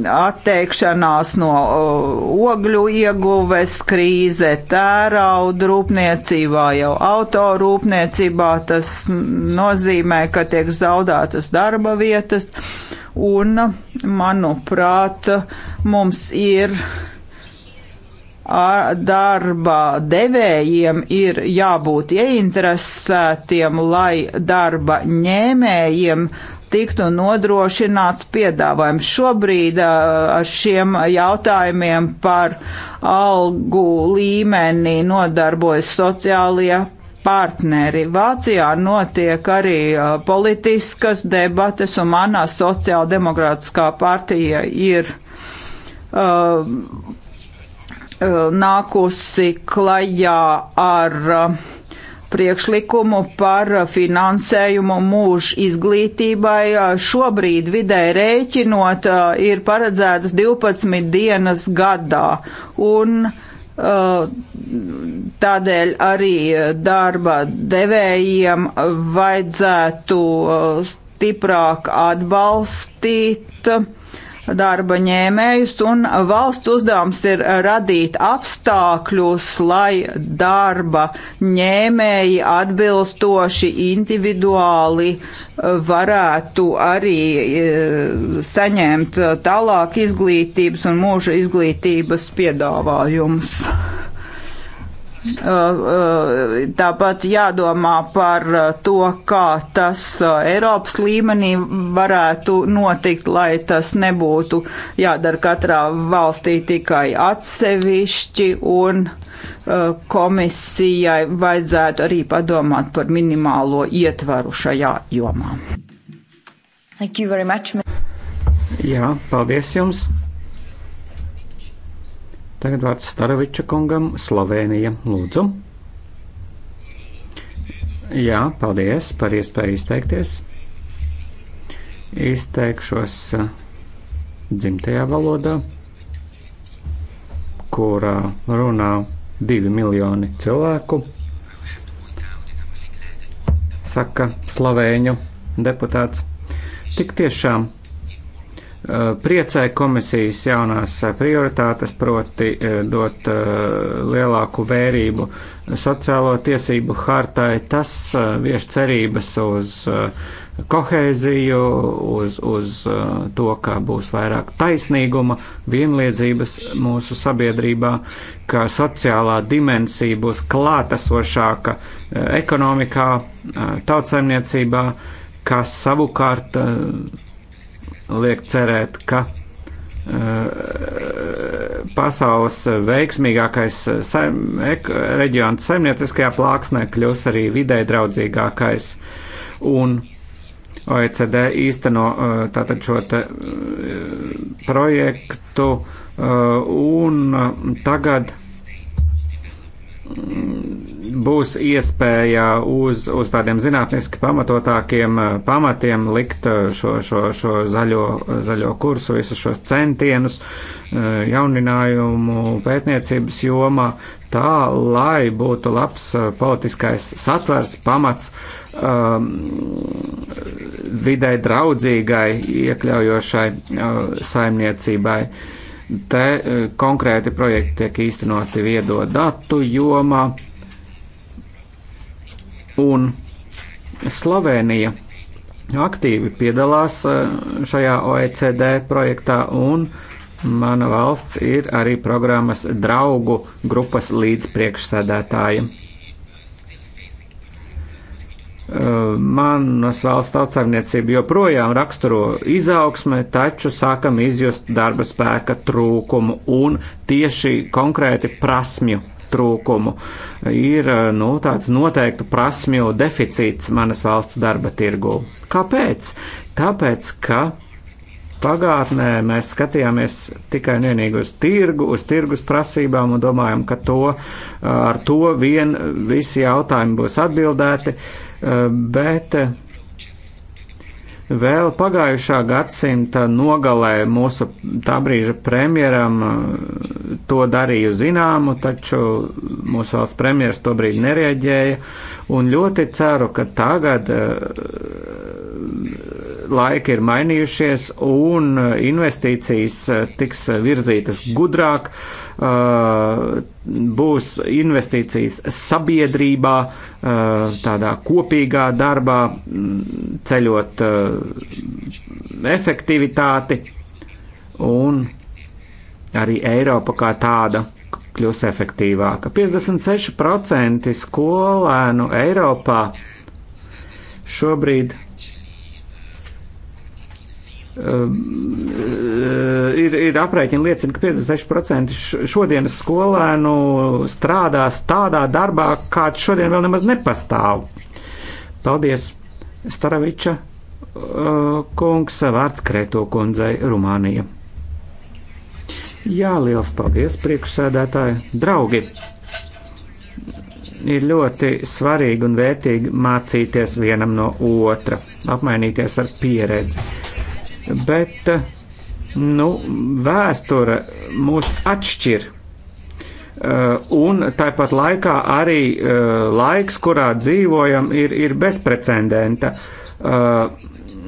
atteikšanās no uh, ogļu ieguves, krīze tērauda rūpniecībā, jau autorūpniecībā. Tas nozīmē, ka tiek zaudētas darba vietas. Un, manuprāt, mums ir darba devējiem ir jābūt ieinteresētiem, lai darba ņēmējiem tiktu nodrošināts piedāvājums. Šobrīd ar šiem jautājumiem par algu līmeni nodarbojas sociālie partneri. Vācijā notiek arī politiskas debates, un manā sociāldemokrātiskā partija ir. Uh, nākusi klajā ar uh, priekšlikumu par finansējumu mūžu izglītībai. Šobrīd vidēji rēķinot eh, ir paredzētas 12 dienas gadā. Un, eh, Tādēļ arī darba devējiem vajadzētu eh, stiprāk atbalstīt uh, darba ņēmējus, un valsts uzdevums ir radīt apstākļus, lai darba ņēmēji atbilstoši individuāli varētu arī e, saņemt tālāk izglītības un mūža izglītības piedāvājumus. Eh, eh, tāpat jādomā par eh, to, kā tas Eiropas līmenī varētu notikt, lai tas nebūtu jādara katrā valstī tikai atsevišķi un komisijai vajadzētu arī padomāt par minimālo ietvaru šajā jomā. Thank you very much. Jā, paldies jums. Tagad vārds Staroviča kungam, Slovenija. Lūdzu. Jā, paldies par iespēju izteikties. Izteikšos eh, dzimtajā valodā, kurā runā divi miljoni cilvēku. Saka slavēņu deputāts. Tik tiešām Eh, priecē komisijas jaunās prioritātes, proti eh, dot eh, lielāku vērību sociālo tiesību hartai. Tas vieš cerības uz koheiziju, uz, uz to, ka būs vairāk taisnīguma, vienlīdzības mūsu sabiedrībā, ka sociālā dimensija būs klātesošāka ekonomikā, tautsaimniecībā, kas savukārt liek cerēt, ka e, pasaules veiksmīgākais saim, ek, reģions saimnieciskajā plāksnē kļūs arī vidē draudzīgākais. Un OECD īsteno e, tātad šo te e, projektu un tagad būs iespēja uz, uz tādiem zinātniski pamatotākiem eh, pamatiem likt eh, šo, šo, šo zaļo, zaļo kursu, visus šos centienus eh, jauninājumu pētniecības jomā, tā lai būtu labs politiskais satvers, pamats um, vidē draudzīgai, iekļaujošai uh, saimniecībai. Uh, Te e, konkrēti projekti tiek īstenoti viedo datu jomā, un Slovenija aktīvi piedalās e, šajā OECD projektā, un mana valsts ir arī programmas draugu grupas līdz priekšsēdētājiem manas valsts tautsarniecība joprojām raksturo izaugsme, taču sākam izjust darba spēka trūkumu un tieši konkrēti prasmju trūkumu. Ir nu, tāds noteiktu prasmju deficīts manas valsts darba tirgū. Kāpēc? Tāpēc, ka pagātnē mēs skatījāmies tikai un vienīgi uz tirgu, uz tirgus prasībām un domājam, ka to, ar to vien visi jautājumi būs atbildēti. Uh, bet eh, vēl pagājušā gadsimta nogalē mūsu tā brīža premjeram eh, to darīju zināmu, taču mūsu valsts premjeras to brīdi nereaģēja, Un ļoti ceru, ka tagad eh, laiki ir mainījušies un eh, investīcijas eh, tiks virzītas gudrāk, būs investīcijas sabiedrībā, tādā kopīgā darbā, mm, ceļot efektivitāti un arī Eiropa kā tāda kļūs efektīvāka. 56% skolēnu Eiropā šobrīd Uh, ir, ir aprēķini liecina, ka 56% šodienas skolēnu strādās tādā darbā, kāds šodien vēl nemaz nepastāv. Paldies, Staraviča uh, kungs, vārds Kreto kundzei Rumānija. Jā, liels paldies, priekšsēdētāji, draugi! Ir ļoti svarīgi un vērtīgi mācīties vienam no otra, apmainīties ar pieredzi. Bet nu, vēsture mūs atšķir. Uh, un tāpat laikā arī uh, laiks, kurā dzīvojam, ir, ir bezprecedenta. Uh,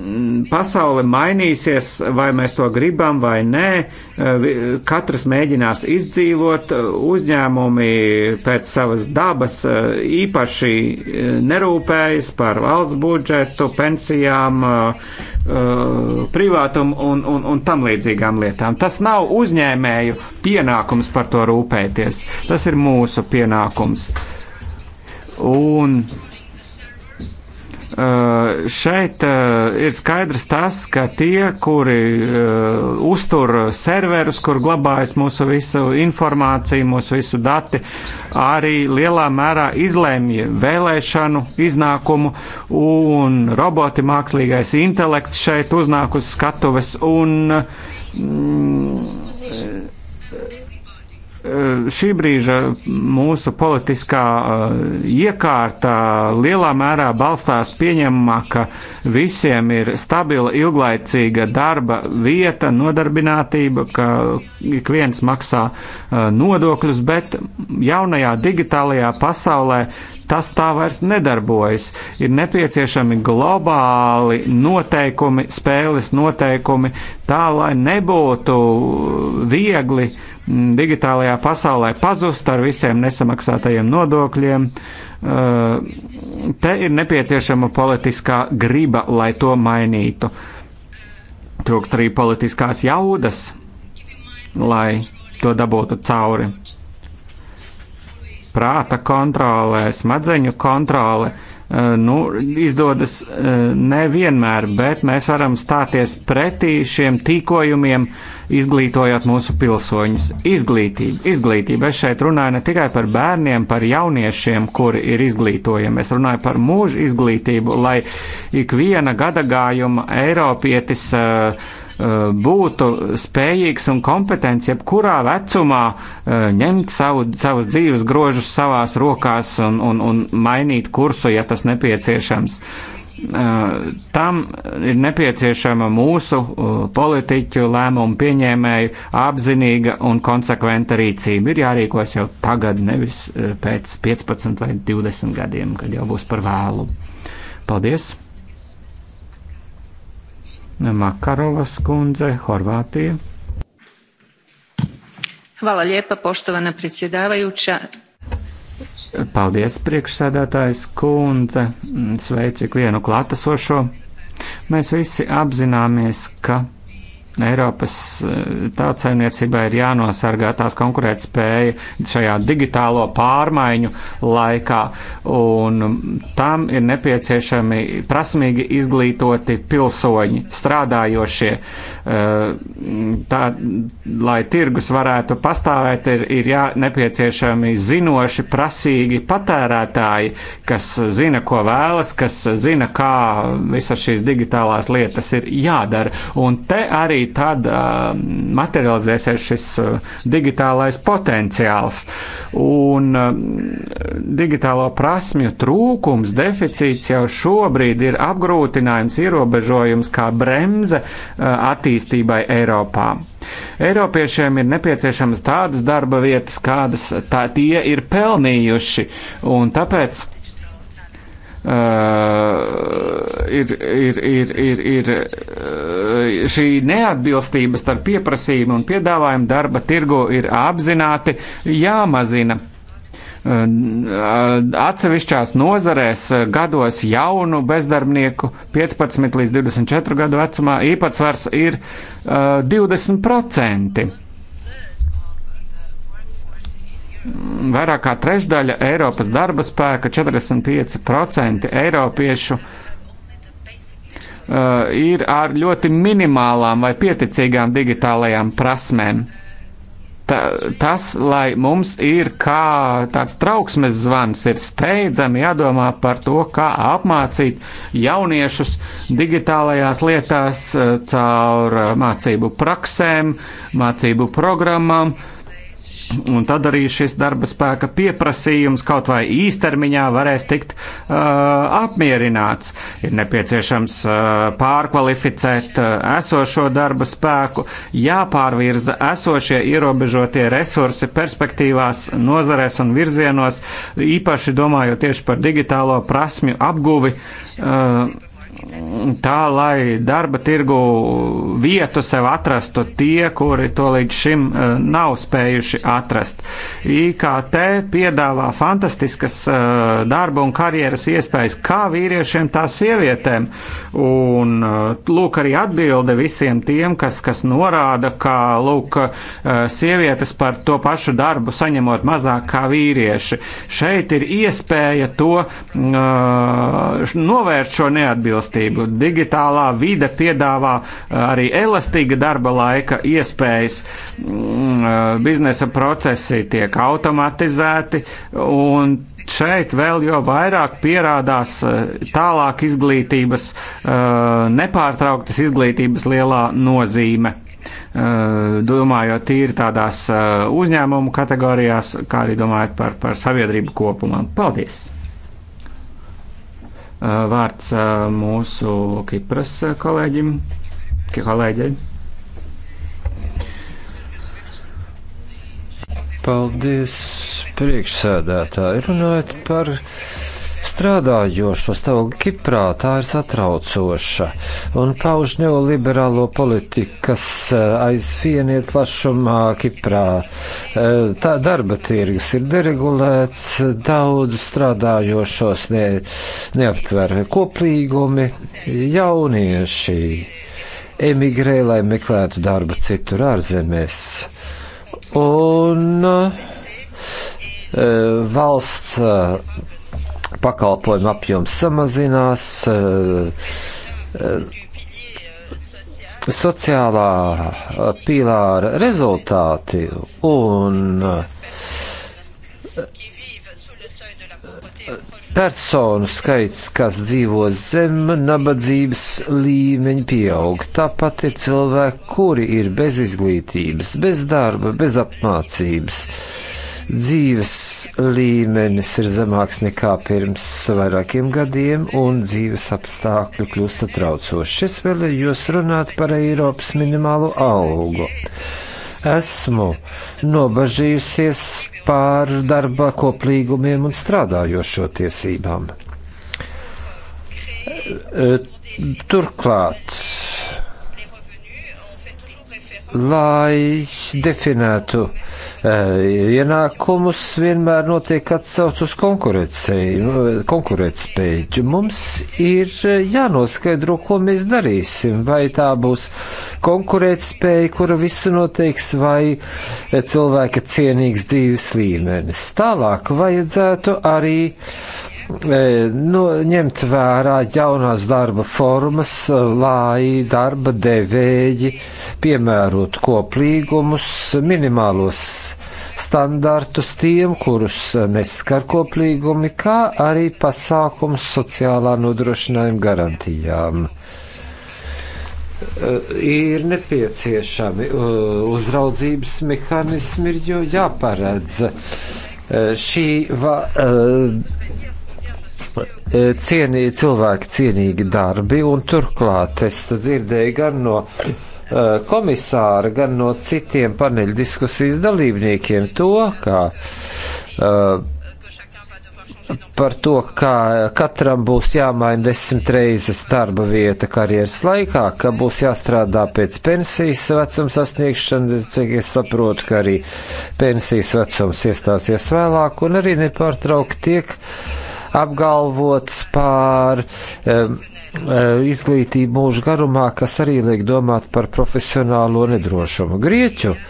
Mm, pasaule mainīsies, vai mēs to gribam vai nē. Eh, katrs mēģinās izdzīvot, eh, uzņēmumi pēc savas dabas eh, īpaši nerūpējas par valsts budžetu, pensijām, privātumu un, un, un tam līdzīgām lietām. Tas nav uzņēmēju pienākums par to rūpēties. Tas ir mūsu pienākums. Un Eh, šeit eh, ir skaidrs tas, ka tie, kuri eh, uztur serverus, kur glabājas mūsu visu informāciju, mūsu visu dati, arī lielā mērā izlēmja vēlēšanu iznākumu, un roboti mākslīgais intelekts šeit uznāk uz skatuves un. Mm, Eh, šī brīža mūsu politiskā eh, iekārta lielā mērā balstās pieņemumā, ka visiem ir stabila, ilglaicīga darba vieta, nodarbinātība, ka ik viens maksā eh, nodokļus, bet jaunajā digitālajā pasaulē tas tā vairs nedarbojas. Ir nepieciešami globāli noteikumi, spēles noteikumi, tā lai nebūtu viegli uh, Mm, digitālajā pasaulē pazust ar visiem nesamaksātajiem nodokļiem. Eh, te ir nepieciešama politiskā griba, lai to mainītu. Trūkst arī politiskās jaudas, lai to dabūtu cauri. Prāta kontrolē, smadzeņu kontrole. Uh, Eh, nu, izdodas eh, nevienmēr, bet mēs varam stāties pretī šiem tīkojumiem, izglītojot mūsu pilsoņus. Izglītība, izglītība. Es šeit runāju ne tikai par bērniem, par jauniešiem, kuri ir izglītojami. Es runāju par mūža izglītību, lai ik viena gadagājuma Eiropietis uh, Eh, būtu spējīgs un kompetents jebkurā vecumā eh, ņemt savu, savus dzīves grožus savās rokās un, un, un mainīt kursu, ja tas nepieciešams. Eh, tam ir nepieciešama mūsu politiķu lēmumu pieņēmēju apzinīga un konsekventa rīcība. Ir jārīkos jau tagad, nevis pēc 15 vai 20 gadiem, kad jau būs par vēlu. Paldies! Makarovas kundze, Horvātija. Hvala lijepa, poštovana predsjedavajuća. Paldies, priekšsēdētājs kundze. Sveicu ikvienu klātesošo. Mēs visi apzināmies, ka Eiropas eh, tautsēmniecībai ir jānosargā tās konkurētspēja šajā digitālo pārmaiņu laikā, un tam ir nepieciešami prasmīgi izglītoti pilsoņi, strādājošie. Eh, tā, lai tirgus varētu pastāvēt, ir, ir jā, nepieciešami zinoši, prasīgi patērētāji, kas zina, ko vēlas, kas zina, kā visas šīs digitālās lietas ir jādara. Un te arī arī tad uh, materializēsies šis uh, digitālais potenciāls. Un uh, digitālo prasmju trūkums, deficīts jau šobrīd ir apgrūtinājums, ierobežojums kā bremze uh, attīstībai Eiropā. Eiropiešiem ir nepieciešamas tādas darba vietas, kādas tā tie ir pelnījuši, un tāpēc Uh, ir, ir, ir, ir, ir uh, šī neatbilstība starp pieprasījumu un piedāvājumu darba tirgu ir apzināti jāmazina. Uh, atsevišķās nozarēs gados jaunu bezdarbnieku 15 līdz 24 gadu vecumā īpatsvars ir 20%. Vairāk kā trešdaļa Eiropas darba spēka, 45% eiropiešu uh, ir ar ļoti minimālām vai pieticīgām digitālajām prasmēm. Ta, tas, lai mums ir kā tāds trauksmes zvans, ir steidzami jādomā par to, kā apmācīt jauniešus digitālajās lietās uh, caur uh, mācību praksēm, mācību programmām, uh, Un tad arī šis darba spēka pieprasījums kaut vai īstermiņā varēs tikt uh, apmierināts. Ir nepieciešams uh, pārkvalificēt uh, esošo darba spēku, jāpārvirza esošie ierobežotie resursi perspektīvās nozarēs un virzienos, īpaši domājot tieši par digitālo prasmju apguvi. Uh, tā, lai darba tirgu vietu sev atrastu tie, kuri to līdz šim eh, nav spējuši atrast. IKT piedāvā fantastiskas eh, darba un karjeras iespējas kā vīriešiem, tā sievietēm. Un eh, lūk arī atbilde visiem tiem, kas, kas norāda, ka lūk, sievietes par to pašu darbu saņemot mazāk kā vīrieši. Šeit ir iespēja to uh, novērst šo neatbilstību elastību. Digitālā vide piedāvā eh, arī elastīga darba laika iespējas. Mm, eh, biznesa procesi tiek automatizēti, un šeit vēl jo vairāk pierādās eh, tālāk izglītības, nepārtrauktas izglītības lielā nozīme domājot tīri tādās uzņēmumu kategorijās, kā arī domājot par, par sabiedrību kopumā. Paldies! Uh, vārds uh, mūsu Kipras uh, kolēģim, kolēģei. Paldies, priekšsēdētāji, runājot par strādājošo stāvokli Kiprā, tā ir satraucoša, un pauž neoliberālo politiku, kas eh, aizvien ir plašumā Kiprā. Eh, tā darba tirgus ir deregulēts, daudz strādājošos ne, neaptver koplīgumi, jaunieši emigrē, lai meklētu darbu citur ārzemēs. Un uh, valsts uh, pakalpojumu apjoms samazinās, eh, eh, sociālā pīlāra rezultāti un eh, personu skaits, kas dzīvo zem nabadzības līmeņa, pieaug. Tāpat ir cilvēki, kuri ir bez izglītības, bez darba, bez apmācības. Uh, dzīves līmenis ir zemāks nekā pirms vairākiem gadiem, un dzīves apstākļi kļūst atraucoši. Es vēlējos runāt par Eiropas minimālo algu. Esmu nobažījusies pār darba koplīgumiem un strādājošo tiesībām. E, turklāt lai definētu Eh, ienākumus, vienmēr notiek atsauc uz nu, konkurētspēju. Mums ir jānoskaidro, ko mēs darīsim, vai tā būs konkurētspēja, kura visu noteiks, vai cilvēka cienīgs dzīves līmenis. Tālāk vajadzētu arī E, nu, ņemt vērā jaunās darba formas, lai darba devēji piemērotu koplīgumus, minimālos standartus tiem, kurus neskar koplīgumi, kā arī pasākums sociālā nodrošinājuma garantijām. E, ir nepieciešami e, uzraudzības mehānismi, ir jo jāparedz šī va, Eh, cienī, cilvēki cienīgi darbi, un turklāt es dzirdēju gan no eh, komisāra, gan no citiem paneļa diskusijas dalībniekiem to, ka uh, par to, ka katram būs jāmaina desmit reizes darba vieta karjeras laikā, ka būs jāstrādā pēc pensijas vecuma sasniegšanas, cik es saprotu, ka arī pensijas vecums iestāsies vēlāk un arī nepārtraukti tiek uh, apgalvots par um, izglītību mūžu garumā, kas arī liek domāt par profesionālo nedrošumu. Grieķu uh,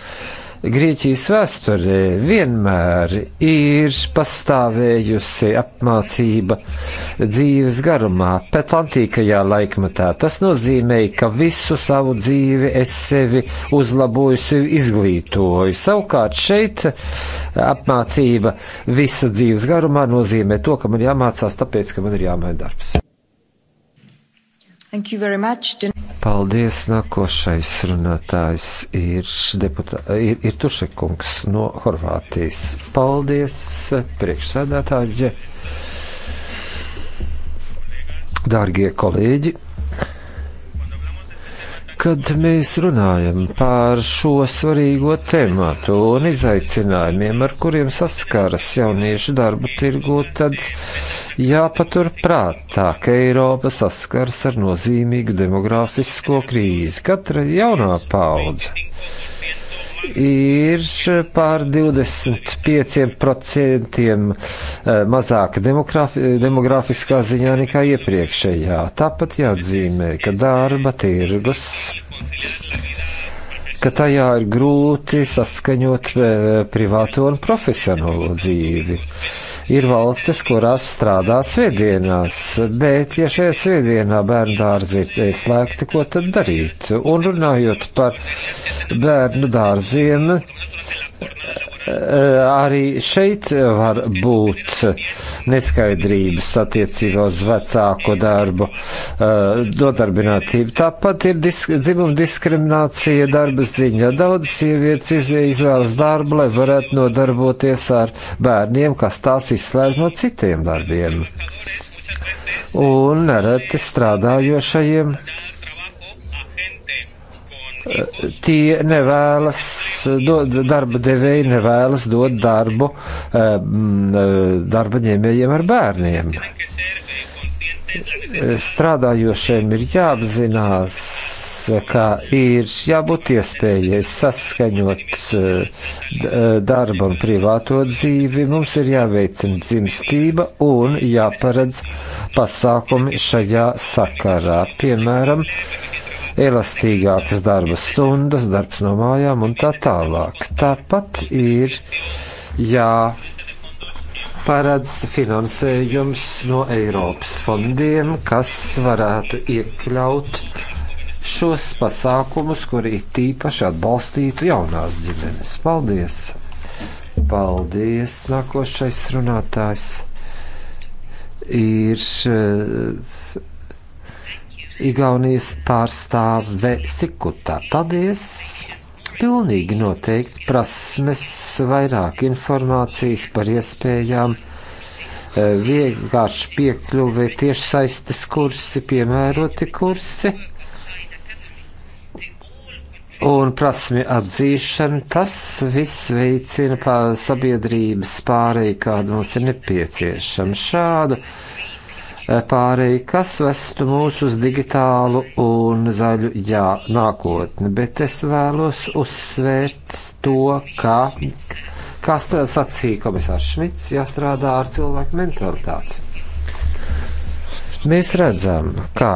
Grieķijas vēsturē vienmēr ir pastāvējusi apmācība dzīves garumā, pat antīkajā laikmatā. Tas nozīmēja, ka visu savu dzīvi es sevi uzlaboju, sevi izglītoju. Savukārt šeit apmācība visa dzīves garumā nozīmē to, ka man jāmācās tāpēc, ka man ir jāmaina darbs. Paldies! Nākošais runātājs ir, deputā, ir, ir Tušekungs no Horvātijas. Paldies, priekšsēdētāji! Dārgie kolēģi! Kad mēs runājam par šo svarīgo tematu un izaicinājumiem, ar kuriem saskaras jauniešu darbu tirgu, tad jāpatur prātā, ka Eiropa saskaras ar nozīmīgu demografisko krīzi. Katra jaunā paudze ir pār 25% eh, mazāka demografiskā ziņā nekā iepriekšējā. Tāpat jāatzīmē, ka darba tirgus ka tajā ir grūti saskaņot eh, privāto un profesionālo dzīvi. Uh, ir valstis, kurās strādā svētdienās, bet ja šajā svētdienā bērnu dārzi ir slēgti, ko tad darīt? Un runājot par bērnu dārziem, Eh, arī šeit var būt neskaidrības attiecībā uz vecāku darbu eh, nodarbinātību. Tāpat ir disk dzimuma diskriminācija darba ziņā. Daudz sievietes iz izvēlas darbu, lai varētu nodarboties ar bērniem, kas tās izslēdz no citiem darbiem. Un reti strādājošajiem tie nevēlas, dod, darba devēji nevēlas dot darbu eh, eh, darba ņēmējiem ar bērniem. Strādājošiem ir jāapzinās, ka ir jābūt iespējai saskaņot eh, darba un privāto dzīvi, mums ir jāveicina dzimstība un jāparedz pasākumi šajā sakarā. Piemēram, uh, elastīgākas darba stundas, darbs no mājām un tā tālāk. Tāpat ir jā. Paredz finansējums no Eiropas fondiem, kas varētu iekļaut šos pasākumus, kuri ir tīpaši atbalstītu jaunās ģimenes. Paldies! Paldies! Nākošais runātājs ir. Uh, Igaunijas pārstāve Sikutā. Paldies! Pilnīgi noteikti prasmes vairāk informācijas par iespējām e, vienkārši piekļuvi tiešsaistes kursi, piemēroti kursi un prasmi atzīšana, tas viss veicina sabiedrības pārēju, kāda mums ir nepieciešama. Šādu Eh, pārēju, kas vestu mūs uz digitālu un zaļu jā, nākotni, bet es vēlos uzsvērt to, ka, kā sacīja komisārs Šmits, jāstrādā ar cilvēku mentalitāti. Mēs redzam, kā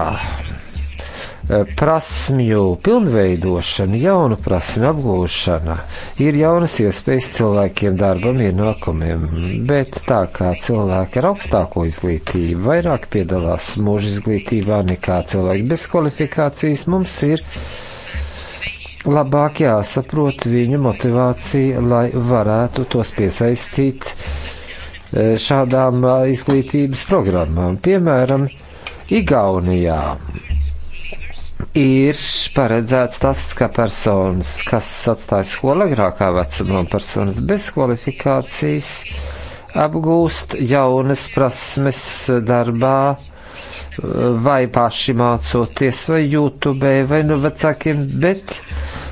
Eh, prasmju pilnveidošana, jaunu prasmju apgūšana, ir jaunas iespējas cilvēkiem darbam ienākumiem, bet tā kā cilvēki ar augstāko izglītību vairāk piedalās mūža izglītībā nekā cilvēki bez kvalifikācijas, mums ir labāk jāsaprot viņu motivācija, lai varētu tos piesaistīt eh, šādām eh, izglītības programmām. Piemēram, Igaunijā ir paredzēts tas, ka personas, kas atstāja skolu agrākā vecumā, personas bez kvalifikācijas, apgūst jaunas prasmes darbā, vai paši mācoties, vai YouTube, vai no nu vecākiem, bet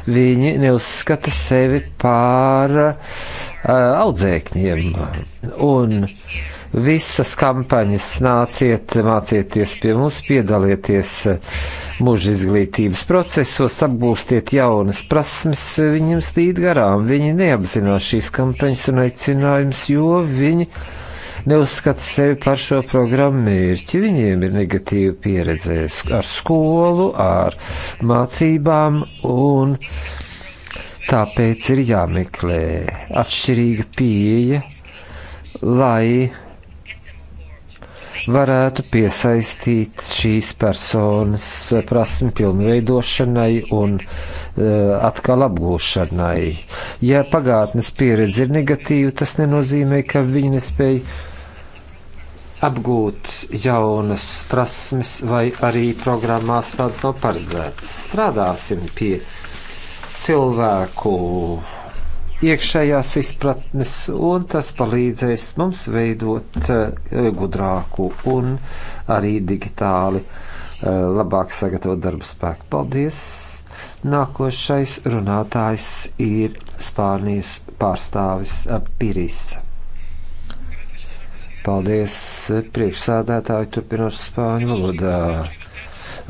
viņi neuzskata sevi par uh, audzēkņiem. Un, uh, visas kampaņas nāciet, mācieties pie mums, piedalieties mūža izglītības procesos, apgūstiet jaunas prasmes, viņiem slīd garām. Viņi neapzinās šīs kampaņas un aicinājums, jo viņi neuzskata sevi par šo programmu mērķi. Viņiem ir negatīva pieredze ar skolu, ar mācībām un tāpēc ir jāmeklē atšķirīga pieeja, lai varētu piesaistīt šīs personas prasmi pilnveidošanai un uh, atkal apgūšanai. Ja pagātnes pieredze ir negatīva, tas nenozīmē, ka viņi nespēja apgūt jaunas prasmes vai arī programmās tādas nav paredzētas. Strādāsim pie cilvēku iekšējās izpratnes, un tas palīdzēs mums veidot eh, gudrāku un arī digitāli eh, labāk sagatavot darba spēku. Paldies! Nākošais runātājs ir Spānijas pārstāvis eh, Pirīs. Paldies, priekšsādātāji, turpinot spāņu valodā.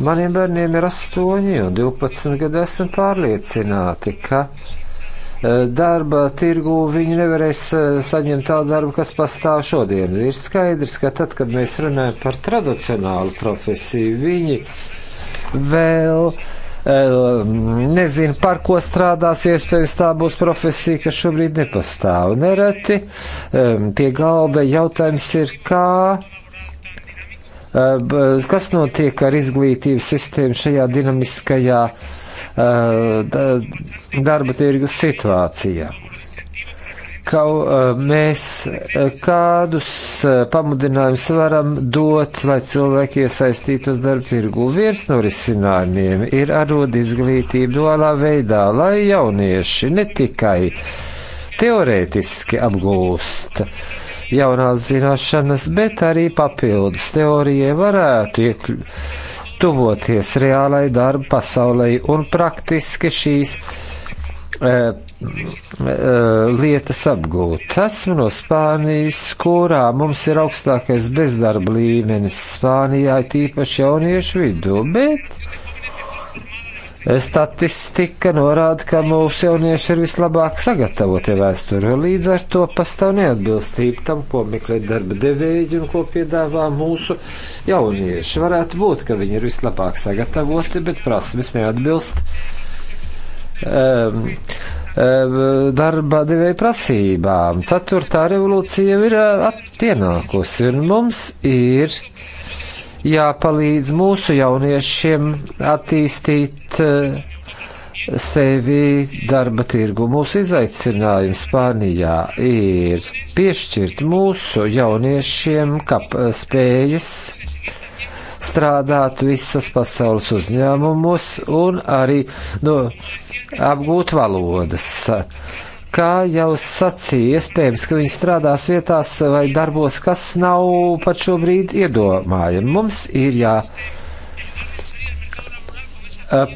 Maniem bērniem ir astoņi un divpadsmit gadi esam pārliecināti, ka uh, Eh, darba tirgu viņi nevarēs eh, saņemt tādu darbu, kas pastāv šodien. Ir skaidrs, ka tad, kad mēs runājam par tradicionālu profesiju, viņi vēl eh, nezinu, par ko strādās. Iespējams, tā būs profesija, kas šobrīd nepastāv. Nereti pie galda jautājums ir, kā. Kas notiek ar izglītības sistēmu šajā dinamiskajā uh, Eh, darba tirgus situācijā. Kau, eh, mēs eh, kādus pamudinājumus varam dot, lai cilvēki iesaistītos darba tirgu. Viens no risinājumiem ir arod izglītību duālā veidā, lai jaunieši ne tikai teorētiski apgūst jaunās zināšanas, bet arī papildus teorijai varētu iekļūt tuvoties reālai darba pasaulē un praktiski šīs eh, eh, lietas apgūt. Esmu no Spānijas, kurā mums ir augstākais bezdarba līmenis Spānijā, tīpaši jauniešu vidū, bet Statistika norāda, ka mūsu jaunieši ir vislabāk sagatavotie vēsturē, līdz ar to pastāv neatbilstība tam, ko meklē darba devēji un ko piedāvā mūsu jaunieši. Varētu būt, ka viņi ir vislabāk sagatavoti, bet prasmes neatbilst um, um, darba devēja prasībām. Ceturtā revolūcija ir eh, pienākusi, un mums ir jāpalīdz mūsu jauniešiem attīstīt eh, sevi darba tirgu. Mūsu izaicinājums Spānijā ir piešķirt mūsu jauniešiem kap, spējas strādāt visas pasaules uzņēmumos un arī nu, apgūt valodas. Uh, kā jau sacīja, iespējams, ka viņi strādās vietās vai darbos, kas nav pat šobrīd iedomājami. Mums ir jā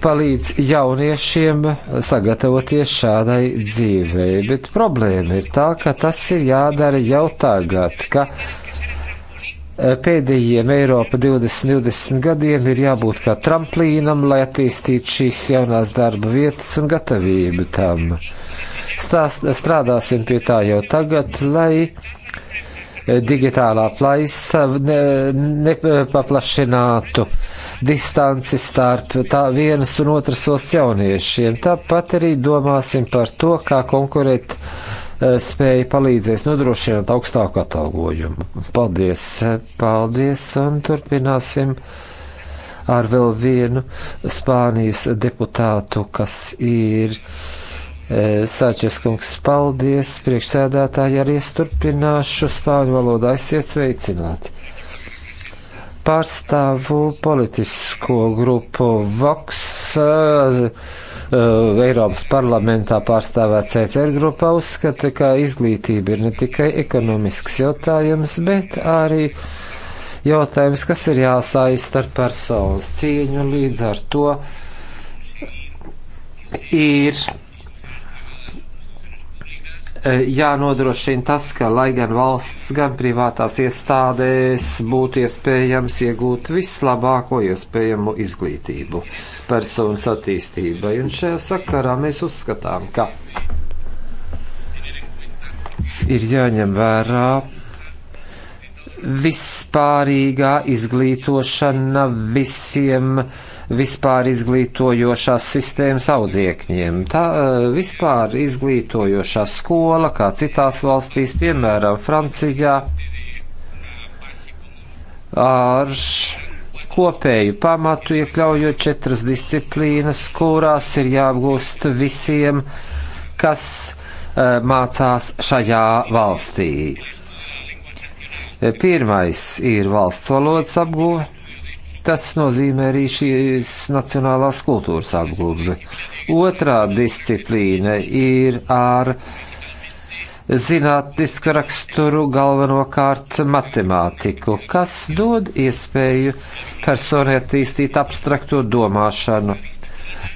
palīdz jauniešiem sagatavoties šādai dzīvei, bet problēma ir tā, ka tas ir jādara jau tagad, ka pēdējiem Eiropa 20-20 gadiem ir jābūt kā tramplīnam, lai attīstītu šīs jaunās darba vietas un gatavību tam. Uh, Stāst, strādāsim pie tā jau tagad, lai eh, digitālā plaisa nepaplašinātu ne, ne distanci starp tā vienas un otras valsts jauniešiem. Tāpat arī domāsim par to, kā konkurēt eh, spēja palīdzēs nodrošināt augstāku atalgojumu. Paldies, paldies un turpināsim ar vēl vienu Spānijas deputātu, kas ir Sāķis kungs, paldies, priekšsēdētāji, arī es turpināšu spāņu valodā aiziet sveicināt. Pārstāvu politisko grupu Vox, uh, uh, Eiropas parlamentā pārstāvēts ECR grupā uzskata, ka izglītība ir ne tikai ekonomisks jautājums, bet arī jautājums, kas ir jāsaista ar personas cieņu, līdz ar to ir Eh, jānodrošina tas, ka lai gan valsts, gan privātās iestādēs būtu iespējams iegūt vislabāko iespējamo izglītību personas attīstībai. Un šajā sakarā mēs uzskatām, ka ir jāņem vērā vispārīgā izglītošana visiem uh, vispār izglītojošās sistēmas audziekņiem. Tā eh, vispār izglītojošā skola, kā citās valstīs, piemēram, Francijā, ar kopēju pamatu iekļaujot četras disciplīnas, kurās ir jāapgūst visiem, kas eh, mācās šajā valstī. Pirmais ir valsts valodas apgūve tas nozīmē arī šīs nacionālās kultūras apgūve. Otrā disciplīna ir ar zinātnisku raksturu, galvenokārt matemātiku, kas dod iespēju personai attīstīt abstrakto domāšanu.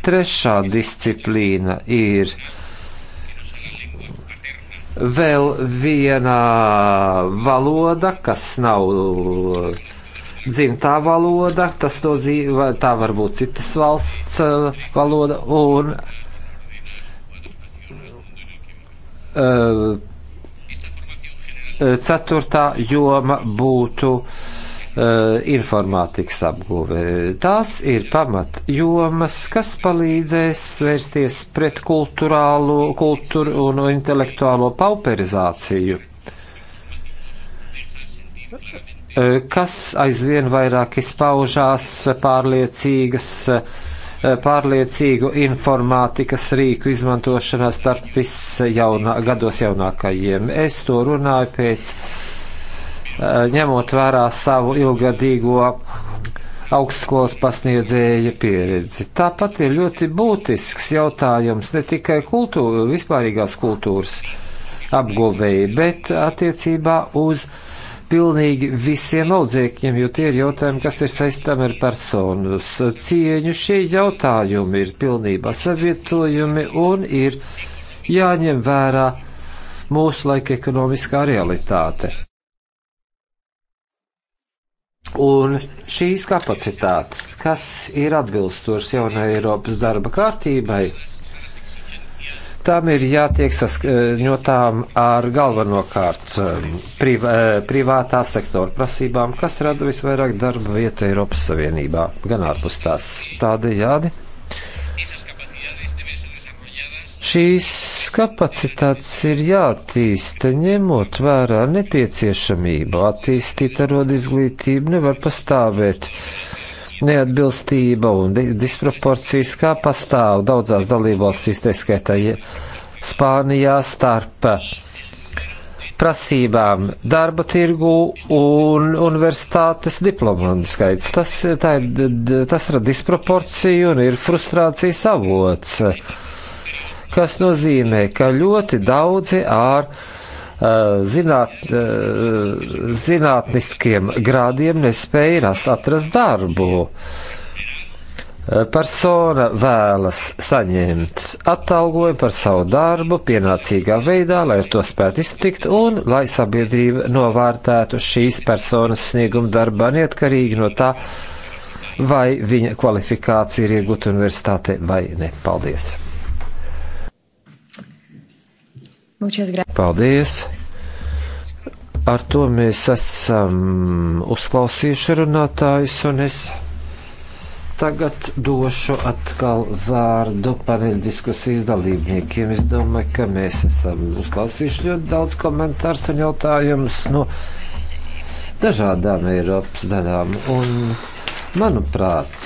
Trešā disciplīna ir vēl viena valoda, kas nav dzimtā valoda, tas nozīmē, tā var būt citas valsts uh, valoda, un uh, ceturtā joma būtu uh, informātikas apguve. Tās ir pamat jomas, kas palīdzēs svērsties pret kulturālo, kultūru un intelektuālo pauperizāciju Eh, kas aizvien vairāk izpaužās pārliecīgas, eh, pārliecīgu informātikas rīku izmantošanā starp visjaunā, gados jaunākajiem. Es to runāju pēc eh, ņemot vērā savu ilgadīgo augstskolas pasniedzēja pieredzi. Tāpat ir ļoti būtisks jautājums ne tikai kultūra, vispārīgās kultūras apguvēji, bet attiecībā uz uh, pilnīgi visiem audzēkņiem, jo tie ir jautājumi, kas ir saistām ar personas cieņu. Šie jautājumi ir pilnībā savietojumi un ir jāņem vērā mūsu laika ekonomiskā realitāte. Un šīs kapacitātes, kas ir atbilstošas jaunai Eiropas darba kārtībai, tam ir jātiek saskaņotām eh, ar galvenokārt eh, priv, eh, privātā sektora prasībām, kas rada visvairāk darba vietu Eiropas Savienībā, gan ārpus tās. Tādējādi šīs kapacitātes ir jātīsta, ņemot vērā nepieciešamību attīstīt arod izglītību, nevar pastāvēt. Uh, neatbilstība un disproporcijas, kā pastāv daudzās dalībvalstīs, tā skaitā Spānijā, starp prasībām darba tirgu un universitātes diplomu skaits. Tas, tā ir, tas rada disproporciju un ir frustrācijas avots, kas nozīmē, ka ļoti daudzi ārā Eh, zināt, eh, zinātniskiem grādiem nespēja atrast darbu. Eh, persona vēlas saņemt atalgojumu par savu darbu pienācīgā veidā, lai ar to spētu iztikt un lai sabiedrība novērtētu šīs personas sniegumu darbā neatkarīgi no tā, vai viņa kvalifikācija ir iegūta universitātē vai ne. Paldies! Paldies! Ar to mēs esam uzklausījuši runātājus, un es tagad došu atkal vārdu paneļa diskusijas dalībniekiem. Es domāju, ka mēs esam uzklausījuši ļoti daudz komentārus un jautājumus no dažādām Eiropas daļām. Un, manuprāt,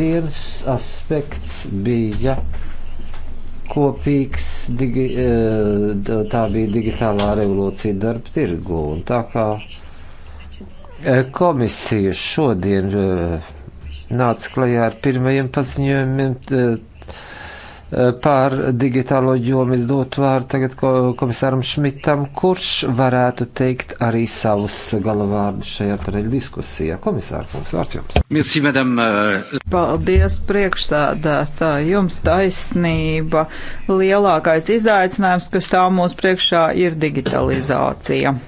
viens aspekts bija kopīgs, digi, e, tā bija digitālā revolūcija darba tirgu. Un tā kā e, komisija šodien e, nāca klajā ar pirmajiem paziņojumiem, Pār digitālo jomu es dotu vārdu tagad komisāram Šmitam, kurš varētu teikt arī savus galavārdus šajā pareļa diskusijā. Komisāra kungs, vārds jums. Merci, madame. Euh, Paldies, priekšsādātāji. Jums taisnība. Lielākais izaicinājums, kas stāv mūsu priekšā, ir digitalizācija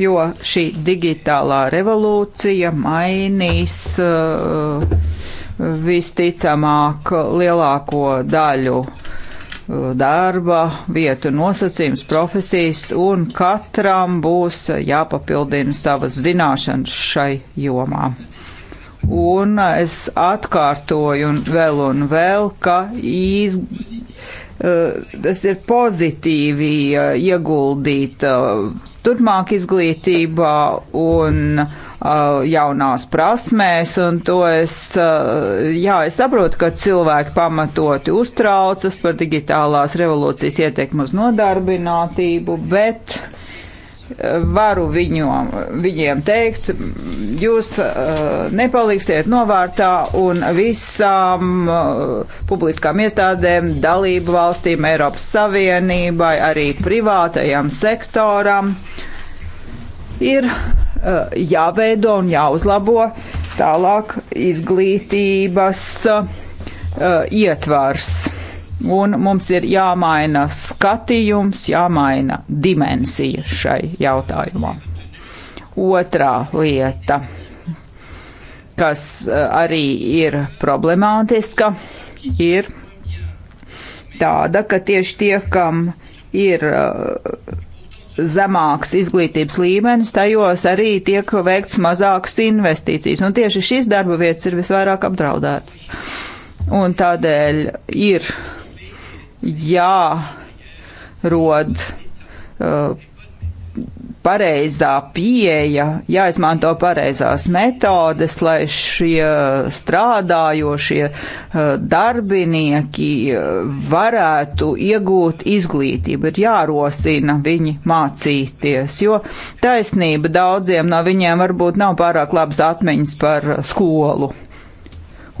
jo šī digitālā revolūcija mainīs uh, visticamāk lielāko daļu uh, darba, vietu nosacījums, profesijas, un katram būs jāpapildina savas zināšanas šai jomā. Un es atkārtoju un vēl un vēl, ka iz, uh, tas ir pozitīvi ieguldīt turpmāk izglītībā un uh, jaunās prasmēs, un to es, uh, jā, es saprotu, ka cilvēki pamatoti uztraucas par digitālās revolūcijas ietekmu uz nodarbinātību, bet varu viņom, viņiem teikt, jūs uh, nepaliksiet novārtā un visām uh, publiskām iestādēm, dalību valstīm, Eiropas Savienībai, arī privātajam sektoram ir uh, jāveido un jāuzlabo tālāk izglītības uh, ietvars un mums ir jāmaina skatījums, jāmaina dimensija šai jautājumā. Otrā lieta, kas eh, arī ir problemātiska, ir tāda, ka tieši tie, kam ir eh, zemāks izglītības līmenis, tajos arī tiek veikts mazākas investīcijas. Un tieši šīs darba vietas ir visvairāk apdraudētas. Un tādēļ ir jārod uh, pareizā pieeja, jāizmanto pareizās metodes, lai šie strādājošie uh, darbinieki uh, varētu iegūt izglītību, ir jārosina viņi mācīties, jo taisnība daudziem no viņiem varbūt nav pārāk labas atmiņas par skolu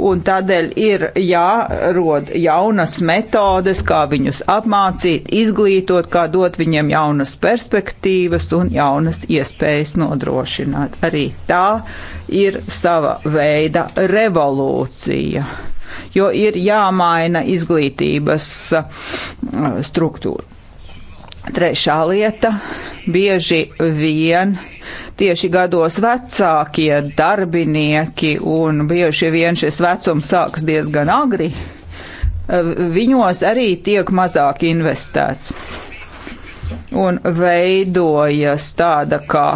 un tādēļ ir jārod jaunas metodes, kā viņus apmācīt, izglītot, kā dot viņiem jaunas perspektīvas un jaunas iespējas nodrošināt. Arī tā ir sava veida revolūcija, jo ir jāmaina izglītības uh, struktūra. Trešā lieta - bieži vien tieši gados vecākie darbinieki, un bieži vien šis vecums sāks diezgan agri, eh, viņos arī tiek mazāk investēts. Un veidojas tāda kā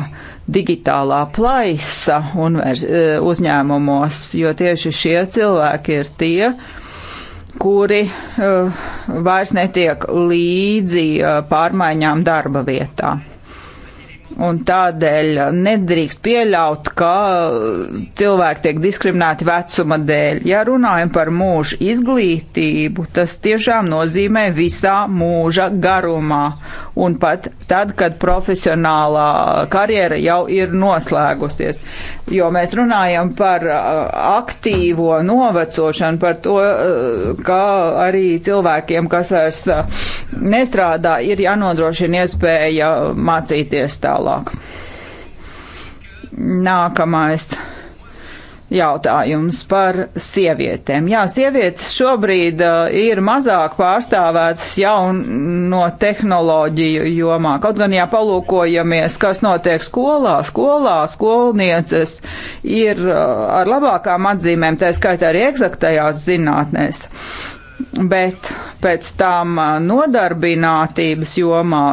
digitālā plaisa eh, uzņēmumos, jo tieši šie cilvēki ir tie, kas kuri uh, vairs netiek līdzi uh, pārmaiņām darba vietā. Un tādēļ nedrīkst pieļaut, ka eh, cilvēki tiek diskriminēti vecuma dēļ. Ja runājam par mūža izglītību, tas tiešām nozīmē visā mūža garumā un pat tad, kad profesionālā karjera jau ir noslēgusies. Jo mēs runājam par uh, aktīvo novecošanu, par to, uh, ka arī cilvēkiem, kas vairs uh, nestrādā, ir jānodrošina iespēja mācīties tālāk. Nākamais jautājums par sievietēm. Jā, sievietes šobrīd uh, ir mazāk pārstāvētas jauno tehnoloģiju jomā. Kaut gan, ja palūkojamies, kas notiek skolā, skolā skolnieces ir uh, ar labākām atzīmēm, tā skaitā arī eksaktajās zinātnēs. Bet pēc tam uh, nodarbinātības jomā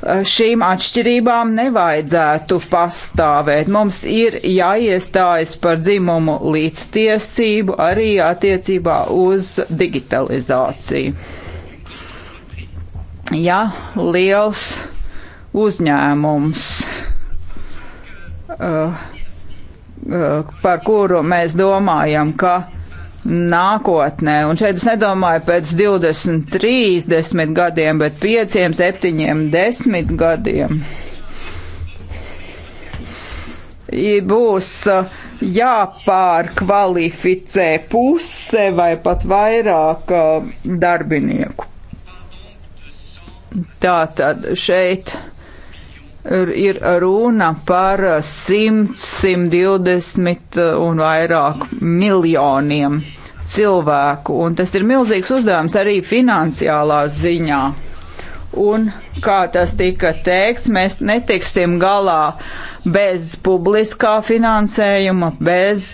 Eh, šīm atšķirībām nevajadzētu pastāvēt. Mums ir jāiestājas par dzimumu līdztiesību arī attiecībā uz digitalizāciju. Ja liels uzņēmums, eh, eh, par kuru mēs domājam, ka nākotnē. Un šeit es nedomāju pēc 20, 30 gadiem, bet 5, 7, 10 gadiem. Būs uh, jāpārkvalificē puse vai pat vairāk uh, darbinieku. Tātad šeit ir runa par 100, 120 un vairāk miljoniem cilvēku, un tas ir milzīgs uzdevums arī finansiālā ziņā. Un, kā tas tika teikts, mēs netiksim galā bez publiskā finansējuma, bez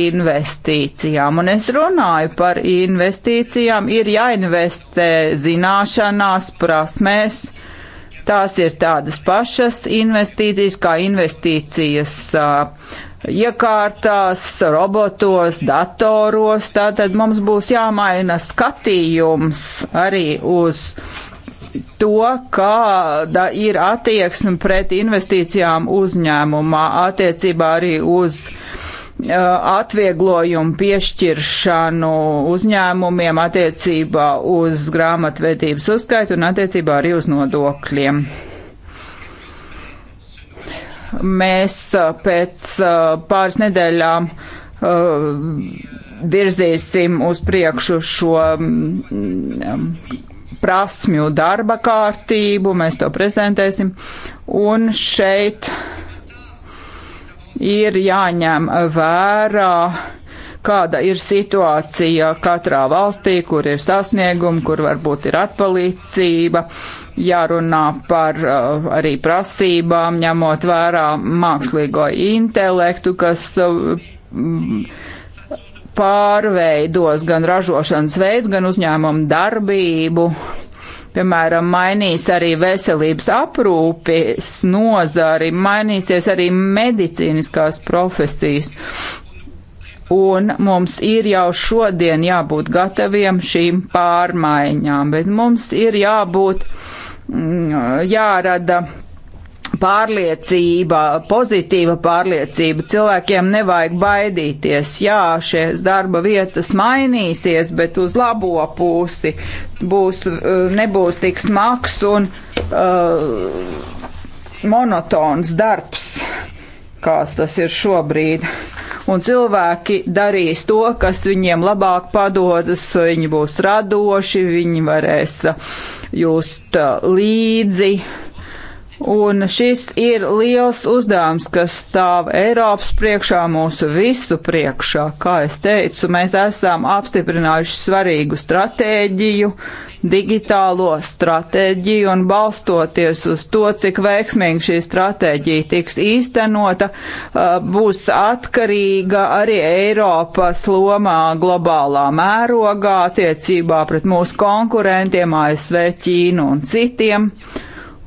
investīcijām. Un es runāju par investīcijām, ir jāinvestē zināšanās, prasmēs, uh, Tās ir tādas pašas investīcijas kā investīcijas uh, iekārtās, robotos, datoros. Tātad mums būs jāmaina skatījums arī uz to, kāda ir attieksme pret investīcijām uzņēmumā, attiecībā arī uz uh, atvieglojumu piešķiršanu uzņēmumiem attiecībā uz grāmatvedības uzskaitu un attiecībā arī uz nodokļiem. Mēs uh, pēc uh, pāris nedēļām uh, virzīsim uz priekšu šo mm, mm, prasmju darba kārtību, mēs to prezentēsim. Un šeit uh, ir jāņem vērā, kāda ir situācija katrā valstī, kur ir sasniegumi, kur varbūt ir atpalīdzība, jārunā par uh, arī prasībām, ņemot vērā mākslīgo intelektu, kas uh, pārveidos gan ražošanas veidu, gan uzņēmumu darbību piemēram, mainīs arī veselības aprūpes nozari, mainīsies arī medicīniskās profesijas. Un mums ir jau šodien jābūt gataviem šīm pārmaiņām, bet mums ir jābūt, mm, jārada pārliecība, pozitīva pārliecība. Cilvēkiem nevajag baidīties. Jā, šīs darba vietas mainīsies, bet uz labo pusi būs, eh, nebūs tik smags un uh, monotons darbs, kāds tas ir šobrīd. Un cilvēki darīs to, kas viņiem labāk padodas, viņi būs radoši, viņi varēs eh, just līdzi. Uh, Un šis ir liels uzdevums, kas stāv Eiropas priekšā, mūsu visu priekšā. Kā es teicu, mēs esam apstiprinājuši svarīgu stratēģiju, digitālo stratēģiju un balstoties uz to, cik veiksmīgi šī stratēģija tiks īstenota, uh, būs atkarīga arī Eiropas lomā globālā mērogā attiecībā pret mūsu konkurentiem ASV, Ķīnu un citiem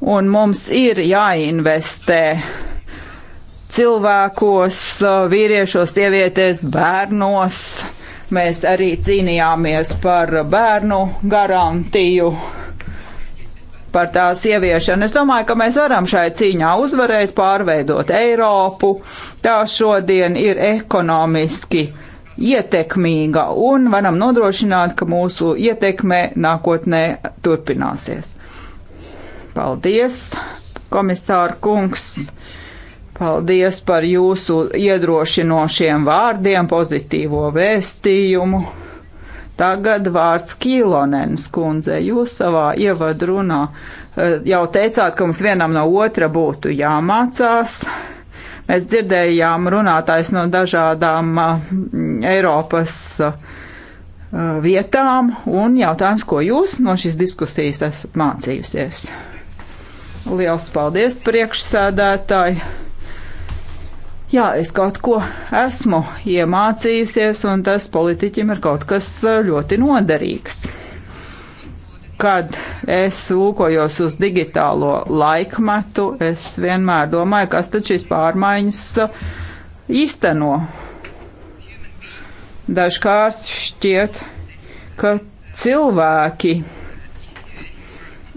un mums ir jāinvestē cilvēkos, vīriešos, sievietēs, bērnos. Mēs arī cīnījāmies par bērnu garantiju, par tās ieviešanu. Es domāju, ka mēs varam šai cīņā uzvarēt, pārveidot Eiropu. Tā šodien ir ekonomiski ietekmīga un varam nodrošināt, ka mūsu ietekme nākotnē turpināsies. Paldies, komisāra kungs! Paldies par jūsu iedrošinošiem vārdiem, pozitīvo vēstījumu. Tagad vārds Kīlonens kundze. Jūs savā ievadrunā eh, jau teicāt, ka mums vienam no otra būtu jāmācās. Mēs dzirdējām runātājs no dažādām eh, Eiropas eh, vietām, un jautājums, ko jūs no šīs diskusijas esat mācījusies? Liels paldies, priekšsēdētāji! Jā, es kaut ko esmu iemācījusies, un tas politiķim ir kaut kas eh, ļoti noderīgs kad es lūkojos uz digitālo laikmetu, es vienmēr domāju, kas tad šīs pārmaiņas eh, īsteno. Dažkārt šķiet, ka cilvēki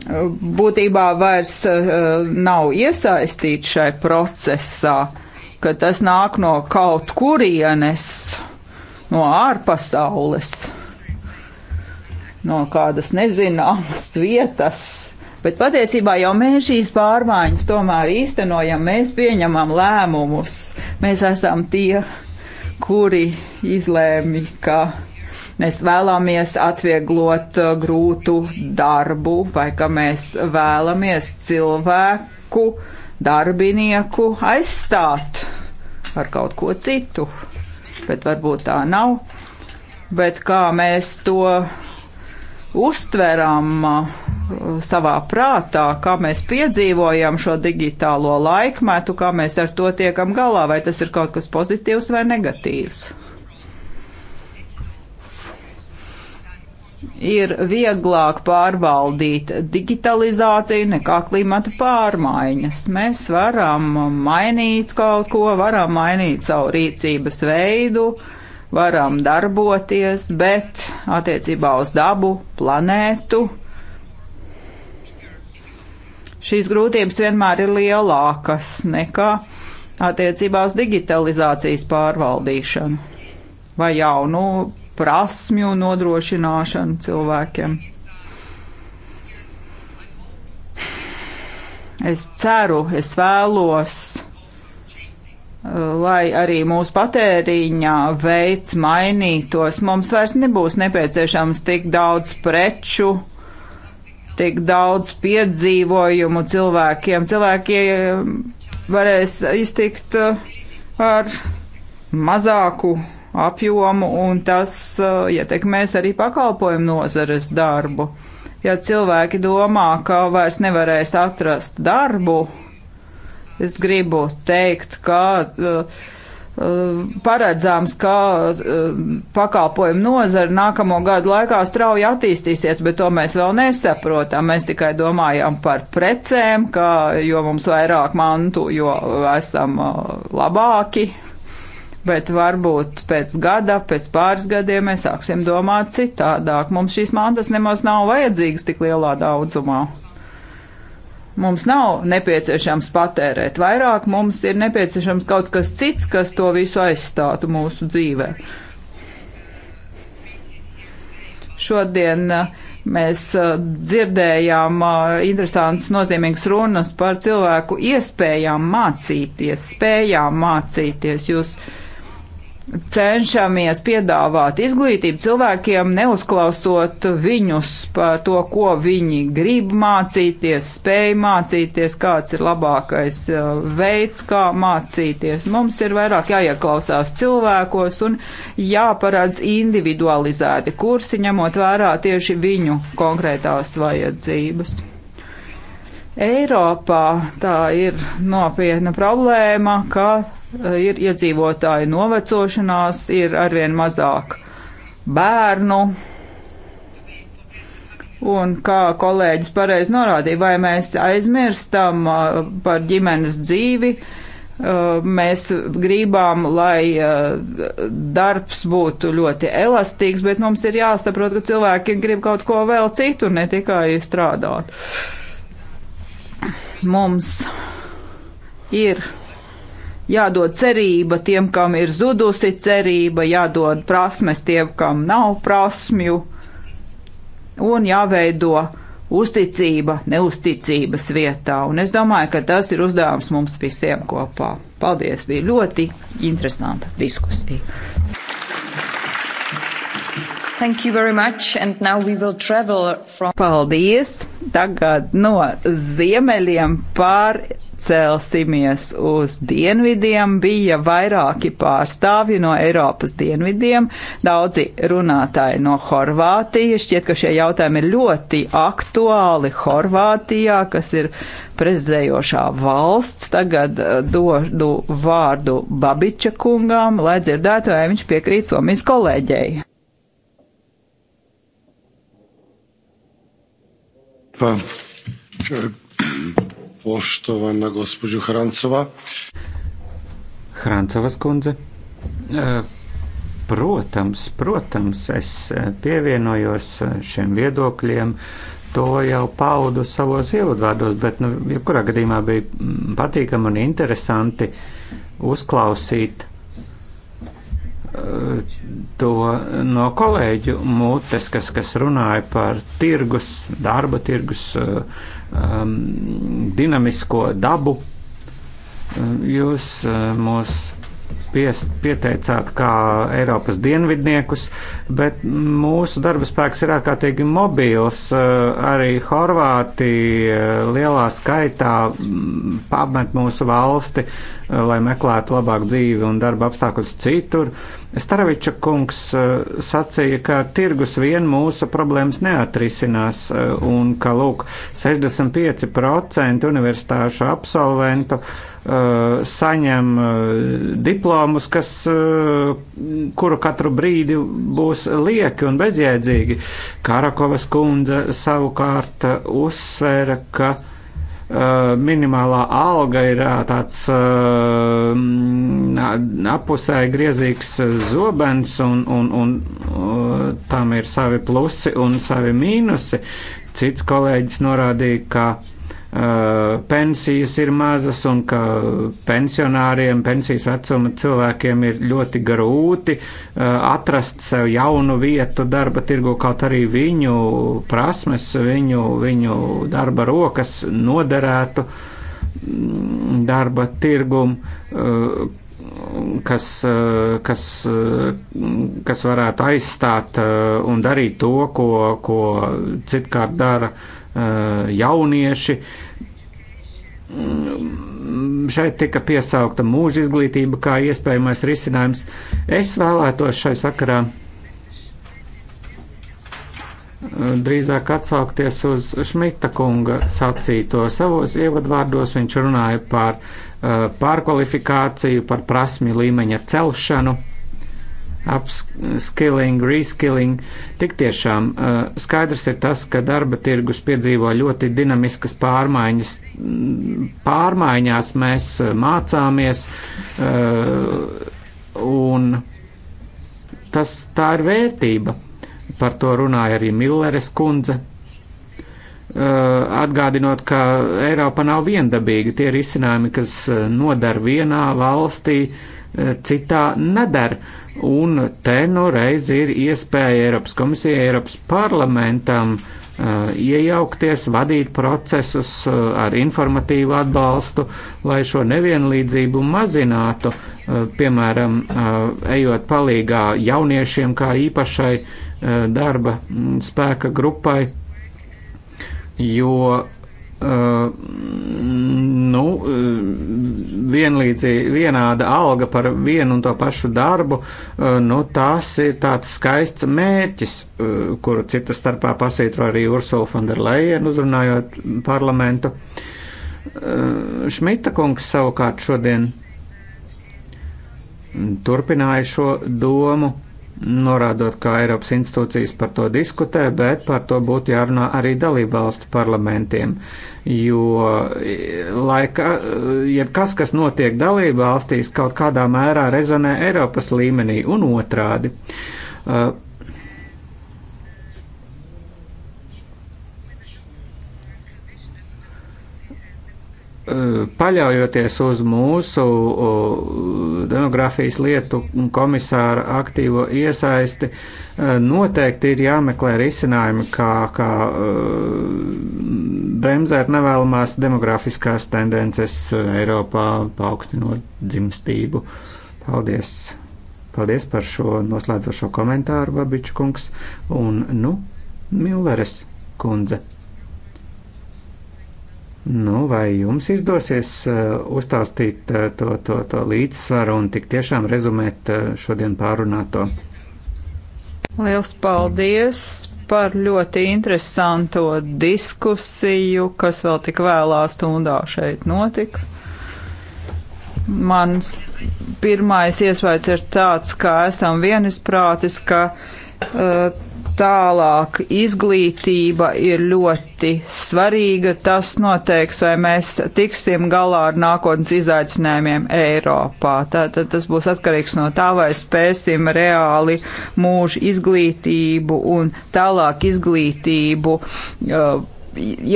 būtībā vairs eh, nav iesaistīti šai procesā, ka tas nāk no kaut kurienes, no ārpasaules, no kādas nezināmas vietas. Bet patiesībā jau mēs šīs pārmaiņas tomēr īstenojam, mēs pieņemam lēmumus. Mēs esam tie, kuri izlēmi, ka mēs vēlamies atvieglot uh, grūtu darbu vai ka mēs vēlamies cilvēku, darbinieku aizstāt ar kaut ko citu. Bet varbūt tā nav. Bet kā mēs to uztveram uh, savā prātā, kā mēs piedzīvojam šo digitālo laikmetu, kā mēs ar to tiekam galā, vai tas ir kaut kas pozitīvs vai negatīvs. ir vieglāk pārvaldīt digitalizāciju nekā klimata pārmaiņas. Mēs varam mainīt kaut ko, varam mainīt savu rīcības veidu, varam darboties, bet attiecībā uz dabu, planētu. Šīs grūtības vienmēr ir lielākas nekā attiecībā uz digitalizācijas pārvaldīšanu vai jaunu prasmju nodrošināšanu cilvēkiem. Es ceru, es vēlos, eh, lai arī mūsu patēriņa veids mainītos. Mums vairs nebūs nepieciešams tik daudz preču, tik daudz piedzīvojumu cilvēkiem. Cilvēki eh, varēs iztikt eh, ar mazāku apjomu, un tas uh, ietekmēs arī pakalpojumu nozares darbu. Ja cilvēki domā, ka vairs nevarēs atrast darbu, es gribu teikt, ka uh, uh paredzams, ka uh, pakalpojumu nozara nākamo gadu laikā strauji attīstīsies, bet to mēs vēl nesaprotam. Mēs tikai domājam par precēm, ka jo mums vairāk mantu, jo esam labāki bet varbūt pēc gada, pēc pāris gadiem mēs sāksim domāt citādāk. Mums šīs mantas nemaz nav vajadzīgas tik lielā daudzumā. Mums nav nepieciešams patērēt vairāk, mums ir nepieciešams kaut kas cits, kas to visu aizstātu mūsu dzīvē. Šodien uh, mēs uh, dzirdējām uh, interesantas, nozīmīgas runas par cilvēku iespējām mācīties, spējām mācīties. Jūs uh, cenšamies piedāvāt izglītību cilvēkiem, neuzklausot viņus par to, ko viņi grib mācīties, spēj mācīties, kāds ir labākais uh, veids, kā mācīties. Mums ir vairāk jāieklausās cilvēkos un jāparādz individualizēti kursi, ņemot vērā tieši viņu konkrētās vajadzības. Eiropā tā ir nopietna problēma, ka e, ir iedzīvotāju novecošanās, ir arvien mazāk bērnu. Un kā kolēģis pareizi norādīja, vai mēs aizmirstam e, par ģimenes dzīvi, e, mēs gribam, lai darbs būtu ļoti elastīgs, bet mums ir jāsaprot, ka cilvēki grib kaut ko vēl citu, ne tikai strādāt. Uh, Mums ir jādod cerība tiem, kam ir zudusi cerība, jādod prasmes tiem, kam nav prasmju, un jāveido uzticība neusticības vietā. Un es domāju, ka tas ir uzdevums mums visiem kopā. Paldies, bija ļoti interesanta diskusija. Thank you very much, and now we will travel from. Paldies! Tagad no ziemeļiem pārcelsimies uz dienvidiem. Bija vairāki pārstāvji no Eiropas dienvidiem, daudzi runātāji no Horvātijas. Šķiet, ka šie jautājumi ir ļoti aktuāli Horvātijā, kas ir prezidējošā valsts. Tagad eh, dodu vārdu Babiča kungām, lai dzirdētu, vai viņš piekrīt Somijas kolēģei. lijepa poštovana gospođo Hrancova. Hrancovas kundze. E, protams, protams, es e, pievienojos e, šiem viedokļiem. To jau paudu savos ievadvārdos, bet, nu, jebkurā gadījumā bija patīkami un interesanti uzklausīt to no kolēģu mutes, kas, kas runāja par tirgus, darba tirgus uh, um, dinamisko dabu. Uh, jūs uh, mūs piest, pieteicāt kā Eiropas dienvidniekus, bet mūsu darba spēks ir ārkārtīgi mobils. Eh, arī Horvāti eh, lielā skaitā mm, pamet mūsu valsti, eh, lai meklētu labāku dzīvi un darba apstākļus citur. Staraviča kungs sacīja, ka tirgus vien mūsu problēmas neatrisinās un ka, lūk, 65% universitāšu absolventu uh, saņem uh, diplomu uzdevumus, kas, eh, kuru katru brīdi būs lieki un bezjēdzīgi. Karakovas kundze savukārt eh, uzsvēra, ka eh, minimālā alga ir tāds apusēji griezīgs zobens, un, un, un tam ir savi plusi un savi mīnusi. Cits kolēģis norādīja, ka Eh, pensijas ir mazas un ka pensionāriem, pensijas vecuma cilvēkiem ir ļoti grūti eh, atrast sev jaunu vietu darba tirgu, kaut arī viņu prasmes, viņu, viņu darba rokas noderētu mm, darba tirgumu, eh, kas, kas, kas varētu aizstāt un darīt to, ko, ko citkārt dara Eh, jaunieši. Šeit tika piesaukta mūža izglītība kā iespējamais risinājums. Es vēlētos šai sakarā eh, drīzāk atsaukties uz Šmita kunga sacīto. Savos ievadvārdos viņš runāja par eh, pārkvalifikāciju, par prasmi līmeņa celšanu upskilling, reskilling. Tik tiešām uh, skaidrs ir tas, ka darba tirgus piedzīvo ļoti dinamiskas pārmaiņas. Pārmaiņās mēs uh, mācāmies uh, un tas tā ir vērtība. Par to runāja arī Milleres kundze. Atgādinot, ka Eiropa nav viendabīga, tie risinājumi, kas nodar vienā valstī, citā nedara. Un te nu reiz ir iespēja Eiropas komisijai, Eiropas parlamentam uh, iejaukties, vadīt procesus uh, ar informatīvu atbalstu, lai šo nevienlīdzību mazinātu, uh, piemēram, uh, ejot palīgā jauniešiem kā īpašai uh, darba mm, spēka grupai, jo Uh, nu, eh, vienlīdzīgi vienāda alga par vienu un to pašu darbu, uh, nu, tas ir tāds skaists mērķis, uh, kuru cita starpā pasītro arī Ursula von der Leyen uzrunājot parlamentu. Šmita kungs savukārt šodien turpināja šo domu norādot, ka Eiropas institūcijas par to diskutē, bet par to būtu jārunā arī dalību valstu parlamentiem jo e, laika, e, jebkas, kas notiek dalība valstīs, kaut kādā mērā rezonē Eiropas līmenī un otrādi. Uh, paļaujoties uz mūsu demografijas lietu komisāra aktīvo iesaisti, e, noteikti ir jāmeklē risinājumi, kā, kā e, bremzēt nevēlamās demografiskās tendences Eiropā, paaugstinot dzimstību. Paldies! Paldies par šo noslēdzošo komentāru, Babičkungs, un, nu, Milleres kundze. Nu, vai jums izdosies eh, uztāstīt eh, to, to, to līdzsvaru un tik tiešām rezumēt eh, šodien pārunāto? Liels paldies par ļoti interesanto diskusiju, kas vēl tik vēlā stundā šeit notika. Mans pirmais iespējas ir tāds, ka esam vienisprātis, ka uh, Tālāk izglītība ir ļoti svarīga. Tas noteiks, vai mēs tiksim galā ar nākotnes izaicinājumiem Eiropā. Tātad tas būs atkarīgs no tā, vai spēsim reāli mūžu izglītību un tālāk izglītību. Uh,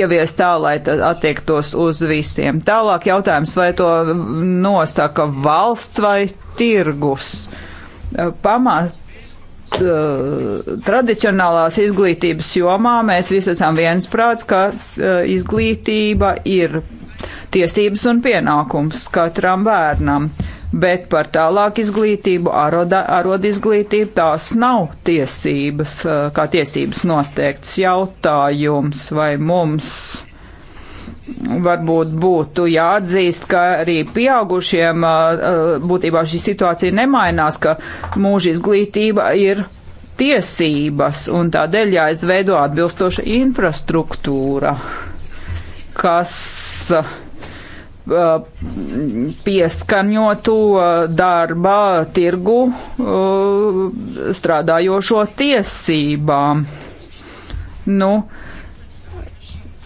ievies tā, lai tas attiektos uz visiem. Tālāk jautājums, vai to nosaka valsts vai tirgus. Uh, Pamat Eh, tradicionālās izglītības jomā mēs visi esam viensprāts, ka eh, izglītība ir tiesības un pienākums katram bērnam, bet par tālāk izglītību, arod izglītību, tās nav tiesības, eh, kā tiesības noteikts jautājums vai mums varbūt būtu jāatzīst, ka arī pieaugušiem uh, uh, būtībā šī situācija nemainās, ka mūža izglītība ir tiesības un tādēļ jāizveido atbilstoša infrastruktūra, kas uh, pieskaņotu darba tirgu strādājošo tiesībām. Nu, uh,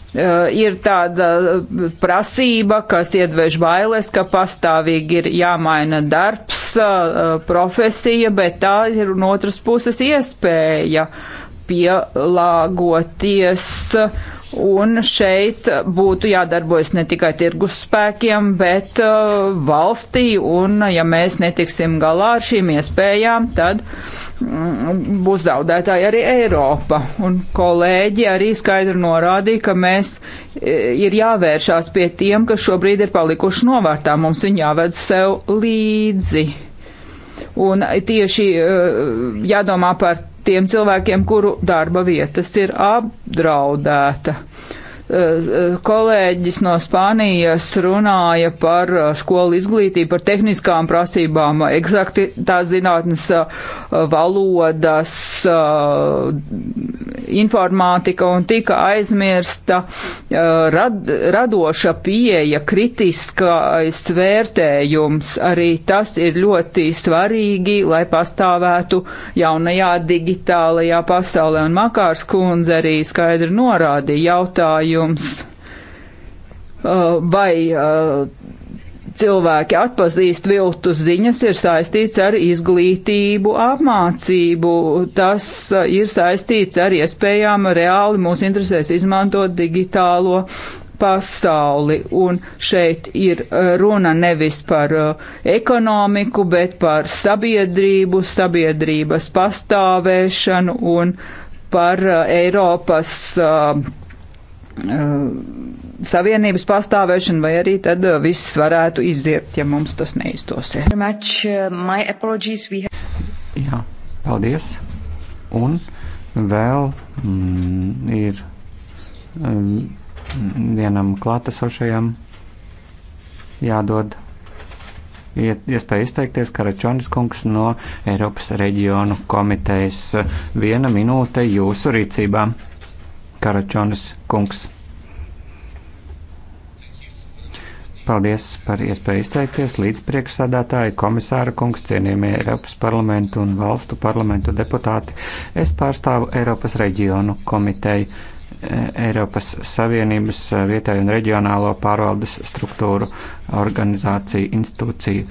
Eh, ir tāda eh, prasība, kas iedvež bailes, ka pastāvīgi ir jāmaina darbs, eh, profesija, bet tā ir no otras puses iespēja pielāgoties. Un šeit būtu jādarbojas ne tikai tirgus spēkiem, bet valstī, un ja mēs netiksim galā ar šīm iespējām, tad uh, Mm, būs zaudētāji arī Eiropa. Un kolēģi arī skaidri norādīja, ka mēs e, ir jāvēršās pie tiem, kas šobrīd ir palikuši novārtā. Mums viņi jāved sev līdzi. Un tieši e, jādomā par tiem cilvēkiem, kuru darba vietas ir apdraudēta. Eh, eh, kolēģis no Spānijas runāja par eh, skolu izglītību, par tehniskām prasībām, eksakti tās zinātnes valodas, informātika un tika aizmirsta rad, radoša pieeja, kritiskais vērtējums. Arī tas ir ļoti svarīgi, lai pastāvētu jaunajā digitālajā pasaulē. Un Makārs kundze arī skaidri norādīja jautājumu jautājums. Uh, vai uh, cilvēki atpazīst viltus ziņas, ir saistīts ar izglītību, apmācību. Tas uh, ir saistīts ar iespējām reāli mūs interesēs izmantot digitālo pasauli. Un šeit ir runa nevis par ekonomiku, bet par sabiedrību, sabiedrības pastāvēšanu un par Eiropas uh, Eh, savienības pastāvēšanu, vai arī tad eh, viss varētu iziet, ja mums tas neizdosies. Eh, Jā, paldies. Un vēl mm, ir mm, vienam klātesošajam jādod iespēja izteikties Karačonis kungs no Eiropas reģionu komitejas. Viena minūte jūsu rīcībā. Karačonis kungs. Paldies par iespēju izteikties līdz priekšsādātāju komisāra kungs, cienījamie Eiropas parlamentu un valstu parlamentu deputāti. Es pārstāvu Eiropas reģionu komiteju, eh, Eiropas Savienības eh, vietēju un reģionālo pārvaldes struktūru. Uh, organizāciju, institūciju.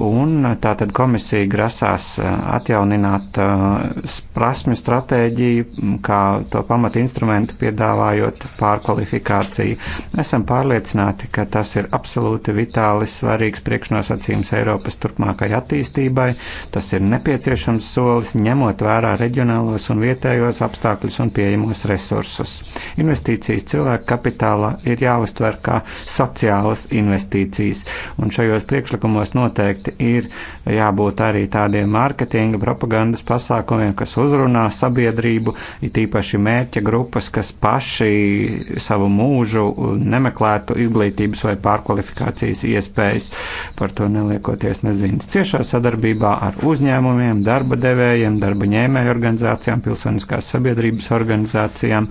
Un eh, tātad komisija grasās eh, atjaunināt eh, prasmju stratēģiju, kā to pamatu instrumentu piedāvājot pārkvalifikāciju. Esam pārliecināti, ka tas ir absolūti vitāli svarīgs priekšnosacījums Eiropas turpmākai attīstībai. Tas ir nepieciešams solis, ņemot vērā reģionālos un vietējos apstākļus un pieejamos resursus. Investīcijas cilvēku kapitāla ir jāuztver kā sociālas investīcijas investīcijas. Un šajos priekšlikumos noteikti ir jābūt arī tādiem mārketinga propagandas pasākumiem, kas uzrunā sabiedrību, it īpaši mērķa grupas, kas paši savu mūžu nemeklētu izglītības vai pārkvalifikācijas iespējas, par to neliekoties nezinas. Ciešā sadarbībā ar uzņēmumiem, darba devējiem, darba ņēmēju organizācijām, pilsoniskās sabiedrības organizācijām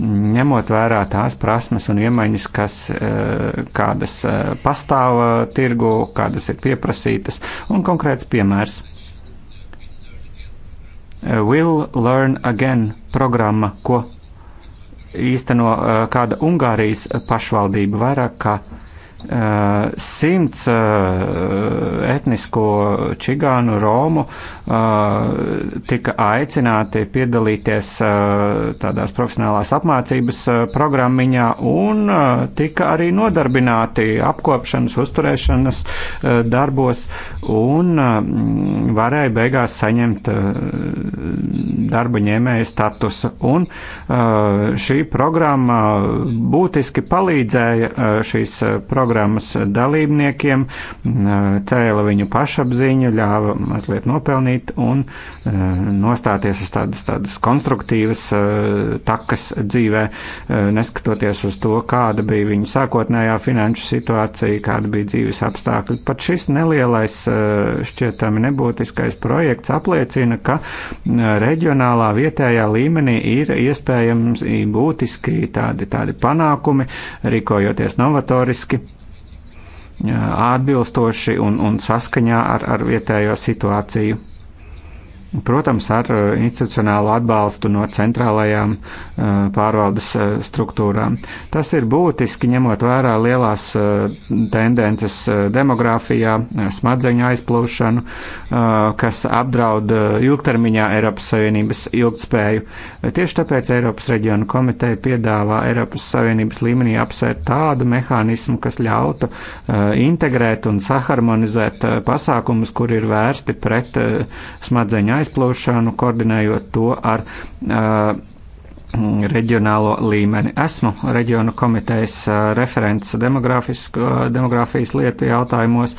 ņemot vērā tās prasmes un iemaņas, kas, eh, kādas eh, pastāv eh, tirgu, kādas ir pieprasītas, un konkrēts piemērs. Will Learn Again programma, ko īsteno kāda Ungārijas pašvaldība vairāk kā simts etnisko čigānu, romu tika aicināti piedalīties tādās profesionālās apmācības programmiņā un tika arī nodarbināti apkopšanas, uzturēšanas darbos un varēja beigās saņemt darba ņēmēja statusu. Un šī programma būtiski palīdzēja šīs programmas dalībniekiem, cēla viņu pašapziņu, ļāva mazliet nopelnīt mainīt un eh, nostāties uz tādas, tādas konstruktīvas eh, takas dzīvē, eh, neskatoties uz to, kāda bija viņu sākotnējā finanšu situācija, kāda bija dzīves apstākļi. Pat šis nelielais, šķietami nebūtiskais projekts apliecina, ka reģionālā vietējā līmenī ir iespējams būtiski tādi, tādi panākumi, rīkojoties novatoriski atbilstoši un, un saskaņā ar, ar vietējo situāciju. Protams, ar uh, institucionālu atbalstu no centrālajām uh, pārvaldes uh, struktūrām. Tas ir būtiski, ņemot vērā lielās tendences demogrāfijā, smadzeņu aizplūšanu, kas apdraud ilgtermiņā Eiropas Savienības ilgtspēju. Tieši tāpēc Eiropas reģionu komiteja piedāvā Eiropas Savienības līmenī apsvērt tādu mehānismu, kas ļautu integrēt un saharmonizēt pasākumus, kur ir vērsti pret smadzeņu aizplūšanu aizplūšanu, koordinējot to ar uh, reģionālo līmeni. Esmu reģiona komitejas referents demogrāfijas lietu jautājumos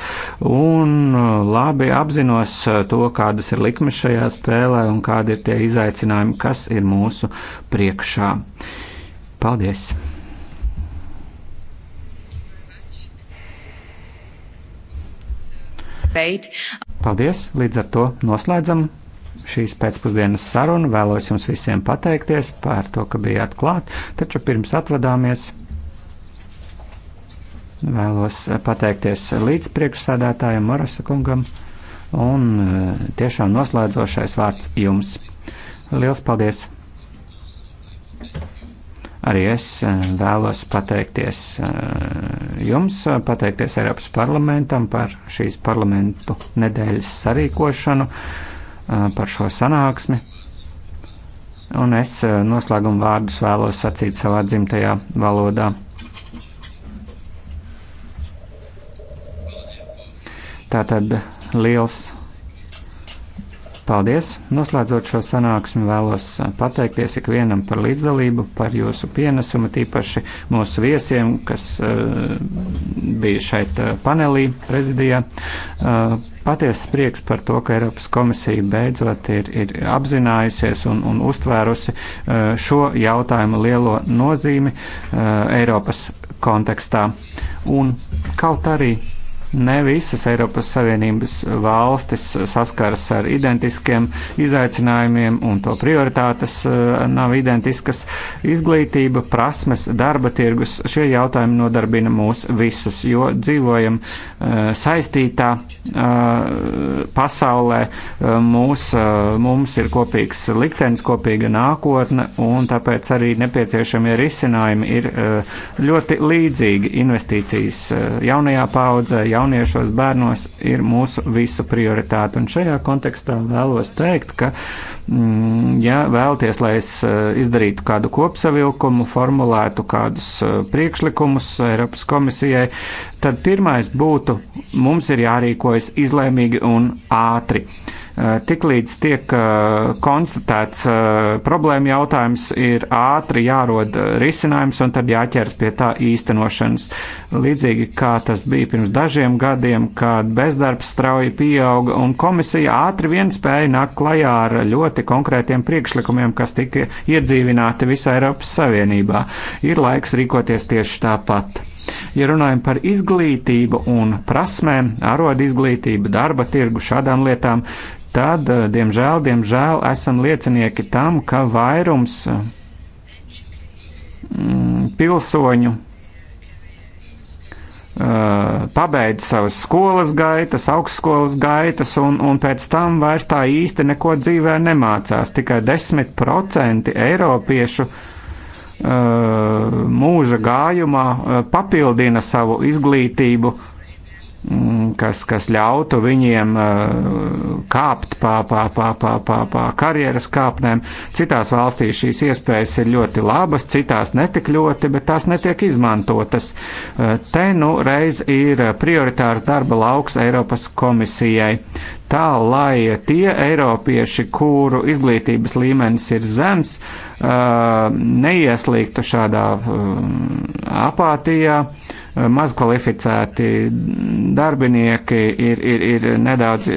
un labi apzinos to, kādas ir likmes šajā spēlē un kādi ir tie izaicinājumi, kas ir mūsu priekšā. Paldies! Paldies! Līdz ar to noslēdzam šīs pēcpusdienas sarunu. Vēlos jums visiem pateikties par to, ka bijāt klāt, taču pirms atvadāmies. Vēlos eh, pateikties līdz priekšsādātājam Morasa kungam un eh, tiešām noslēdzošais vārds jums. Liels paldies! Arī es eh, vēlos pateikties jums, pateikties Eiropas parlamentam par šīs parlamentu nedēļas sarīkošanu par šo sanāksmi. Un es noslēgumu vārdus vēlos sacīt savā dzimtajā valodā. Tātad liels Paldies! Noslēdzot šo sanāksmi, vēlos uh, pateikties ikvienam par līdzdalību, par jūsu pienesumu, tīpaši mūsu viesiem, kas uh, bija šeit uh, panelī, prezidijā. Uh, Patiesas prieks par to, ka Eiropas komisija beidzot ir, ir apzinājusies un, un uztvērusi uh, šo jautājumu lielo nozīmi uh, Eiropas kontekstā. Un kaut arī Ne visas Eiropas Savienības valstis saskaras ar identiskiem izaicinājumiem, un to prioritātes eh, nav identiskas. Izglītība, prasmes, darba tirgus - šie jautājumi nodarbina mūs visus, jo dzīvojam eh, saistītā eh, pasaulē. Mūs, mums ir kopīgs liktenis, kopīga nākotne, un tāpēc arī nepieciešamie risinājumi ir ļoti līdzīgi investīcijas jaunajā paudzē. Jaun jauniešos bērnos ir mūsu visu prioritāte. Un šajā kontekstā vēlos teikt, ka, mm, ja vēlties, lai es eh, izdarītu kādu kopsavilkumu, formulētu kādus eh, priekšlikumus Eiropas komisijai, tad pirmais būtu, mums ir jārīkojas izlēmīgi un ātri. Uh, Eh, tiklīdz tiek eh, konstatēts eh, problēma jautājums, ir ātri jārod risinājums un tad jāķers pie tā īstenošanas. Līdzīgi kā tas bija pirms dažiem gadiem, kad bezdarbs strauji pieauga un komisija ātri vien spēja nākt klajā ar ļoti konkrētiem priekšlikumiem, kas tika iedzīvināti visā Eiropas Savienībā. Ir laiks rīkoties tieši tāpat. Ja runājam par izglītību un prasmēm, arodu izglītību, darba tirgu, šādām lietām, tad, eh, diemžēl, diemžēl esam liecinieki tam, ka vairums eh, mm, pilsoņu eh, pabeidz savas skolas gaitas, augstskolas gaitas, un, un pēc tam vairs tā īsti neko dzīvē nemācās. Tikai 10% eiropiešu mūža gājumā papildina savu izglītību uh, Mm, kas, kas ļautu viņiem uh, kāpt pa, pa, pa, pa, pa, pa karjeras kāpnēm. Citās valstīs šīs iespējas ir ļoti labas, citās netik ļoti, bet tās netiek izmantotas. Uh, te nu reiz ir prioritārs darba lauks Eiropas komisijai. Tā, lai tie eiropieši, kuru izglītības līmenis ir zems, uh, Uh, neieslīgtu šādā um, apātijā. Uh, mazkvalificēti darbinieki ir, ir, ir nedaudz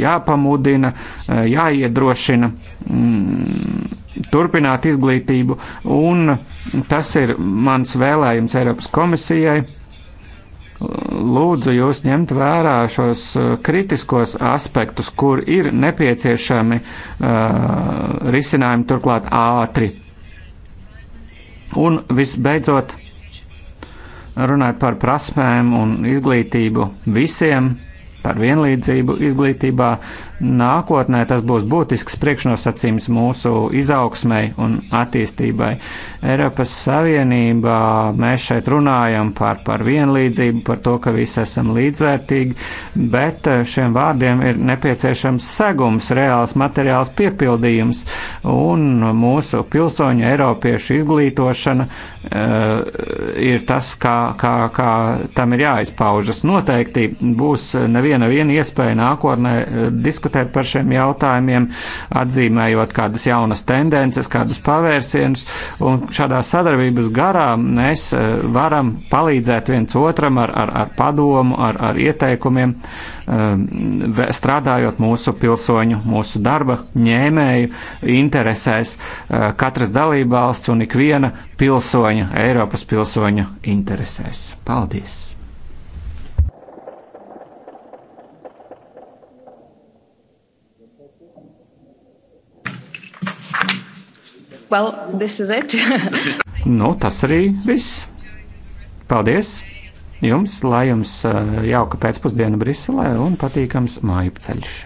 jāpamudina, uh, jāiedrošina mm, turpināt izglītību, un tas ir mans vēlējums Eiropas komisijai lūdzu jūs ņemt vērā šos uh, kritiskos aspektus, kur ir nepieciešami uh, risinājumi turklāt ātri. Un visbeidzot, runāt par prasmēm un izglītību visiem, par vienlīdzību izglītībā nākotnē tas būs būtisks priekšnosacījums mūsu izaugsmai un attīstībai. Eiropas Savienībā mēs šeit runājam par, par vienlīdzību, par to, ka visi esam līdzvērtīgi, bet šiem vārdiem ir nepieciešams segums, reāls materiāls piepildījums un mūsu pilsoņu Eiropiešu izglītošana uh, ir tas, kā, kā, kā tam ir jāizpaužas. Noteikti būs neviena viena iespēja nākotnē eh, diskutēt diskutēt par šiem jautājumiem, atzīmējot kādas jaunas tendences, kādus pavērsienus, un šādā sadarbības garā mēs eh, varam palīdzēt viens otram ar, ar, ar padomu, ar, ar ieteikumiem, eh, strādājot mūsu pilsoņu, mūsu darba ņēmēju interesēs eh, katras dalībvalsts un ikviena pilsoņa, Eiropas pilsoņa interesēs. Paldies! Well, this is it. *laughs* nu, tas arī viss. Paldies jums, lai jums eh, jauka pēcpusdiena Briselē un patīkams māju ceļš.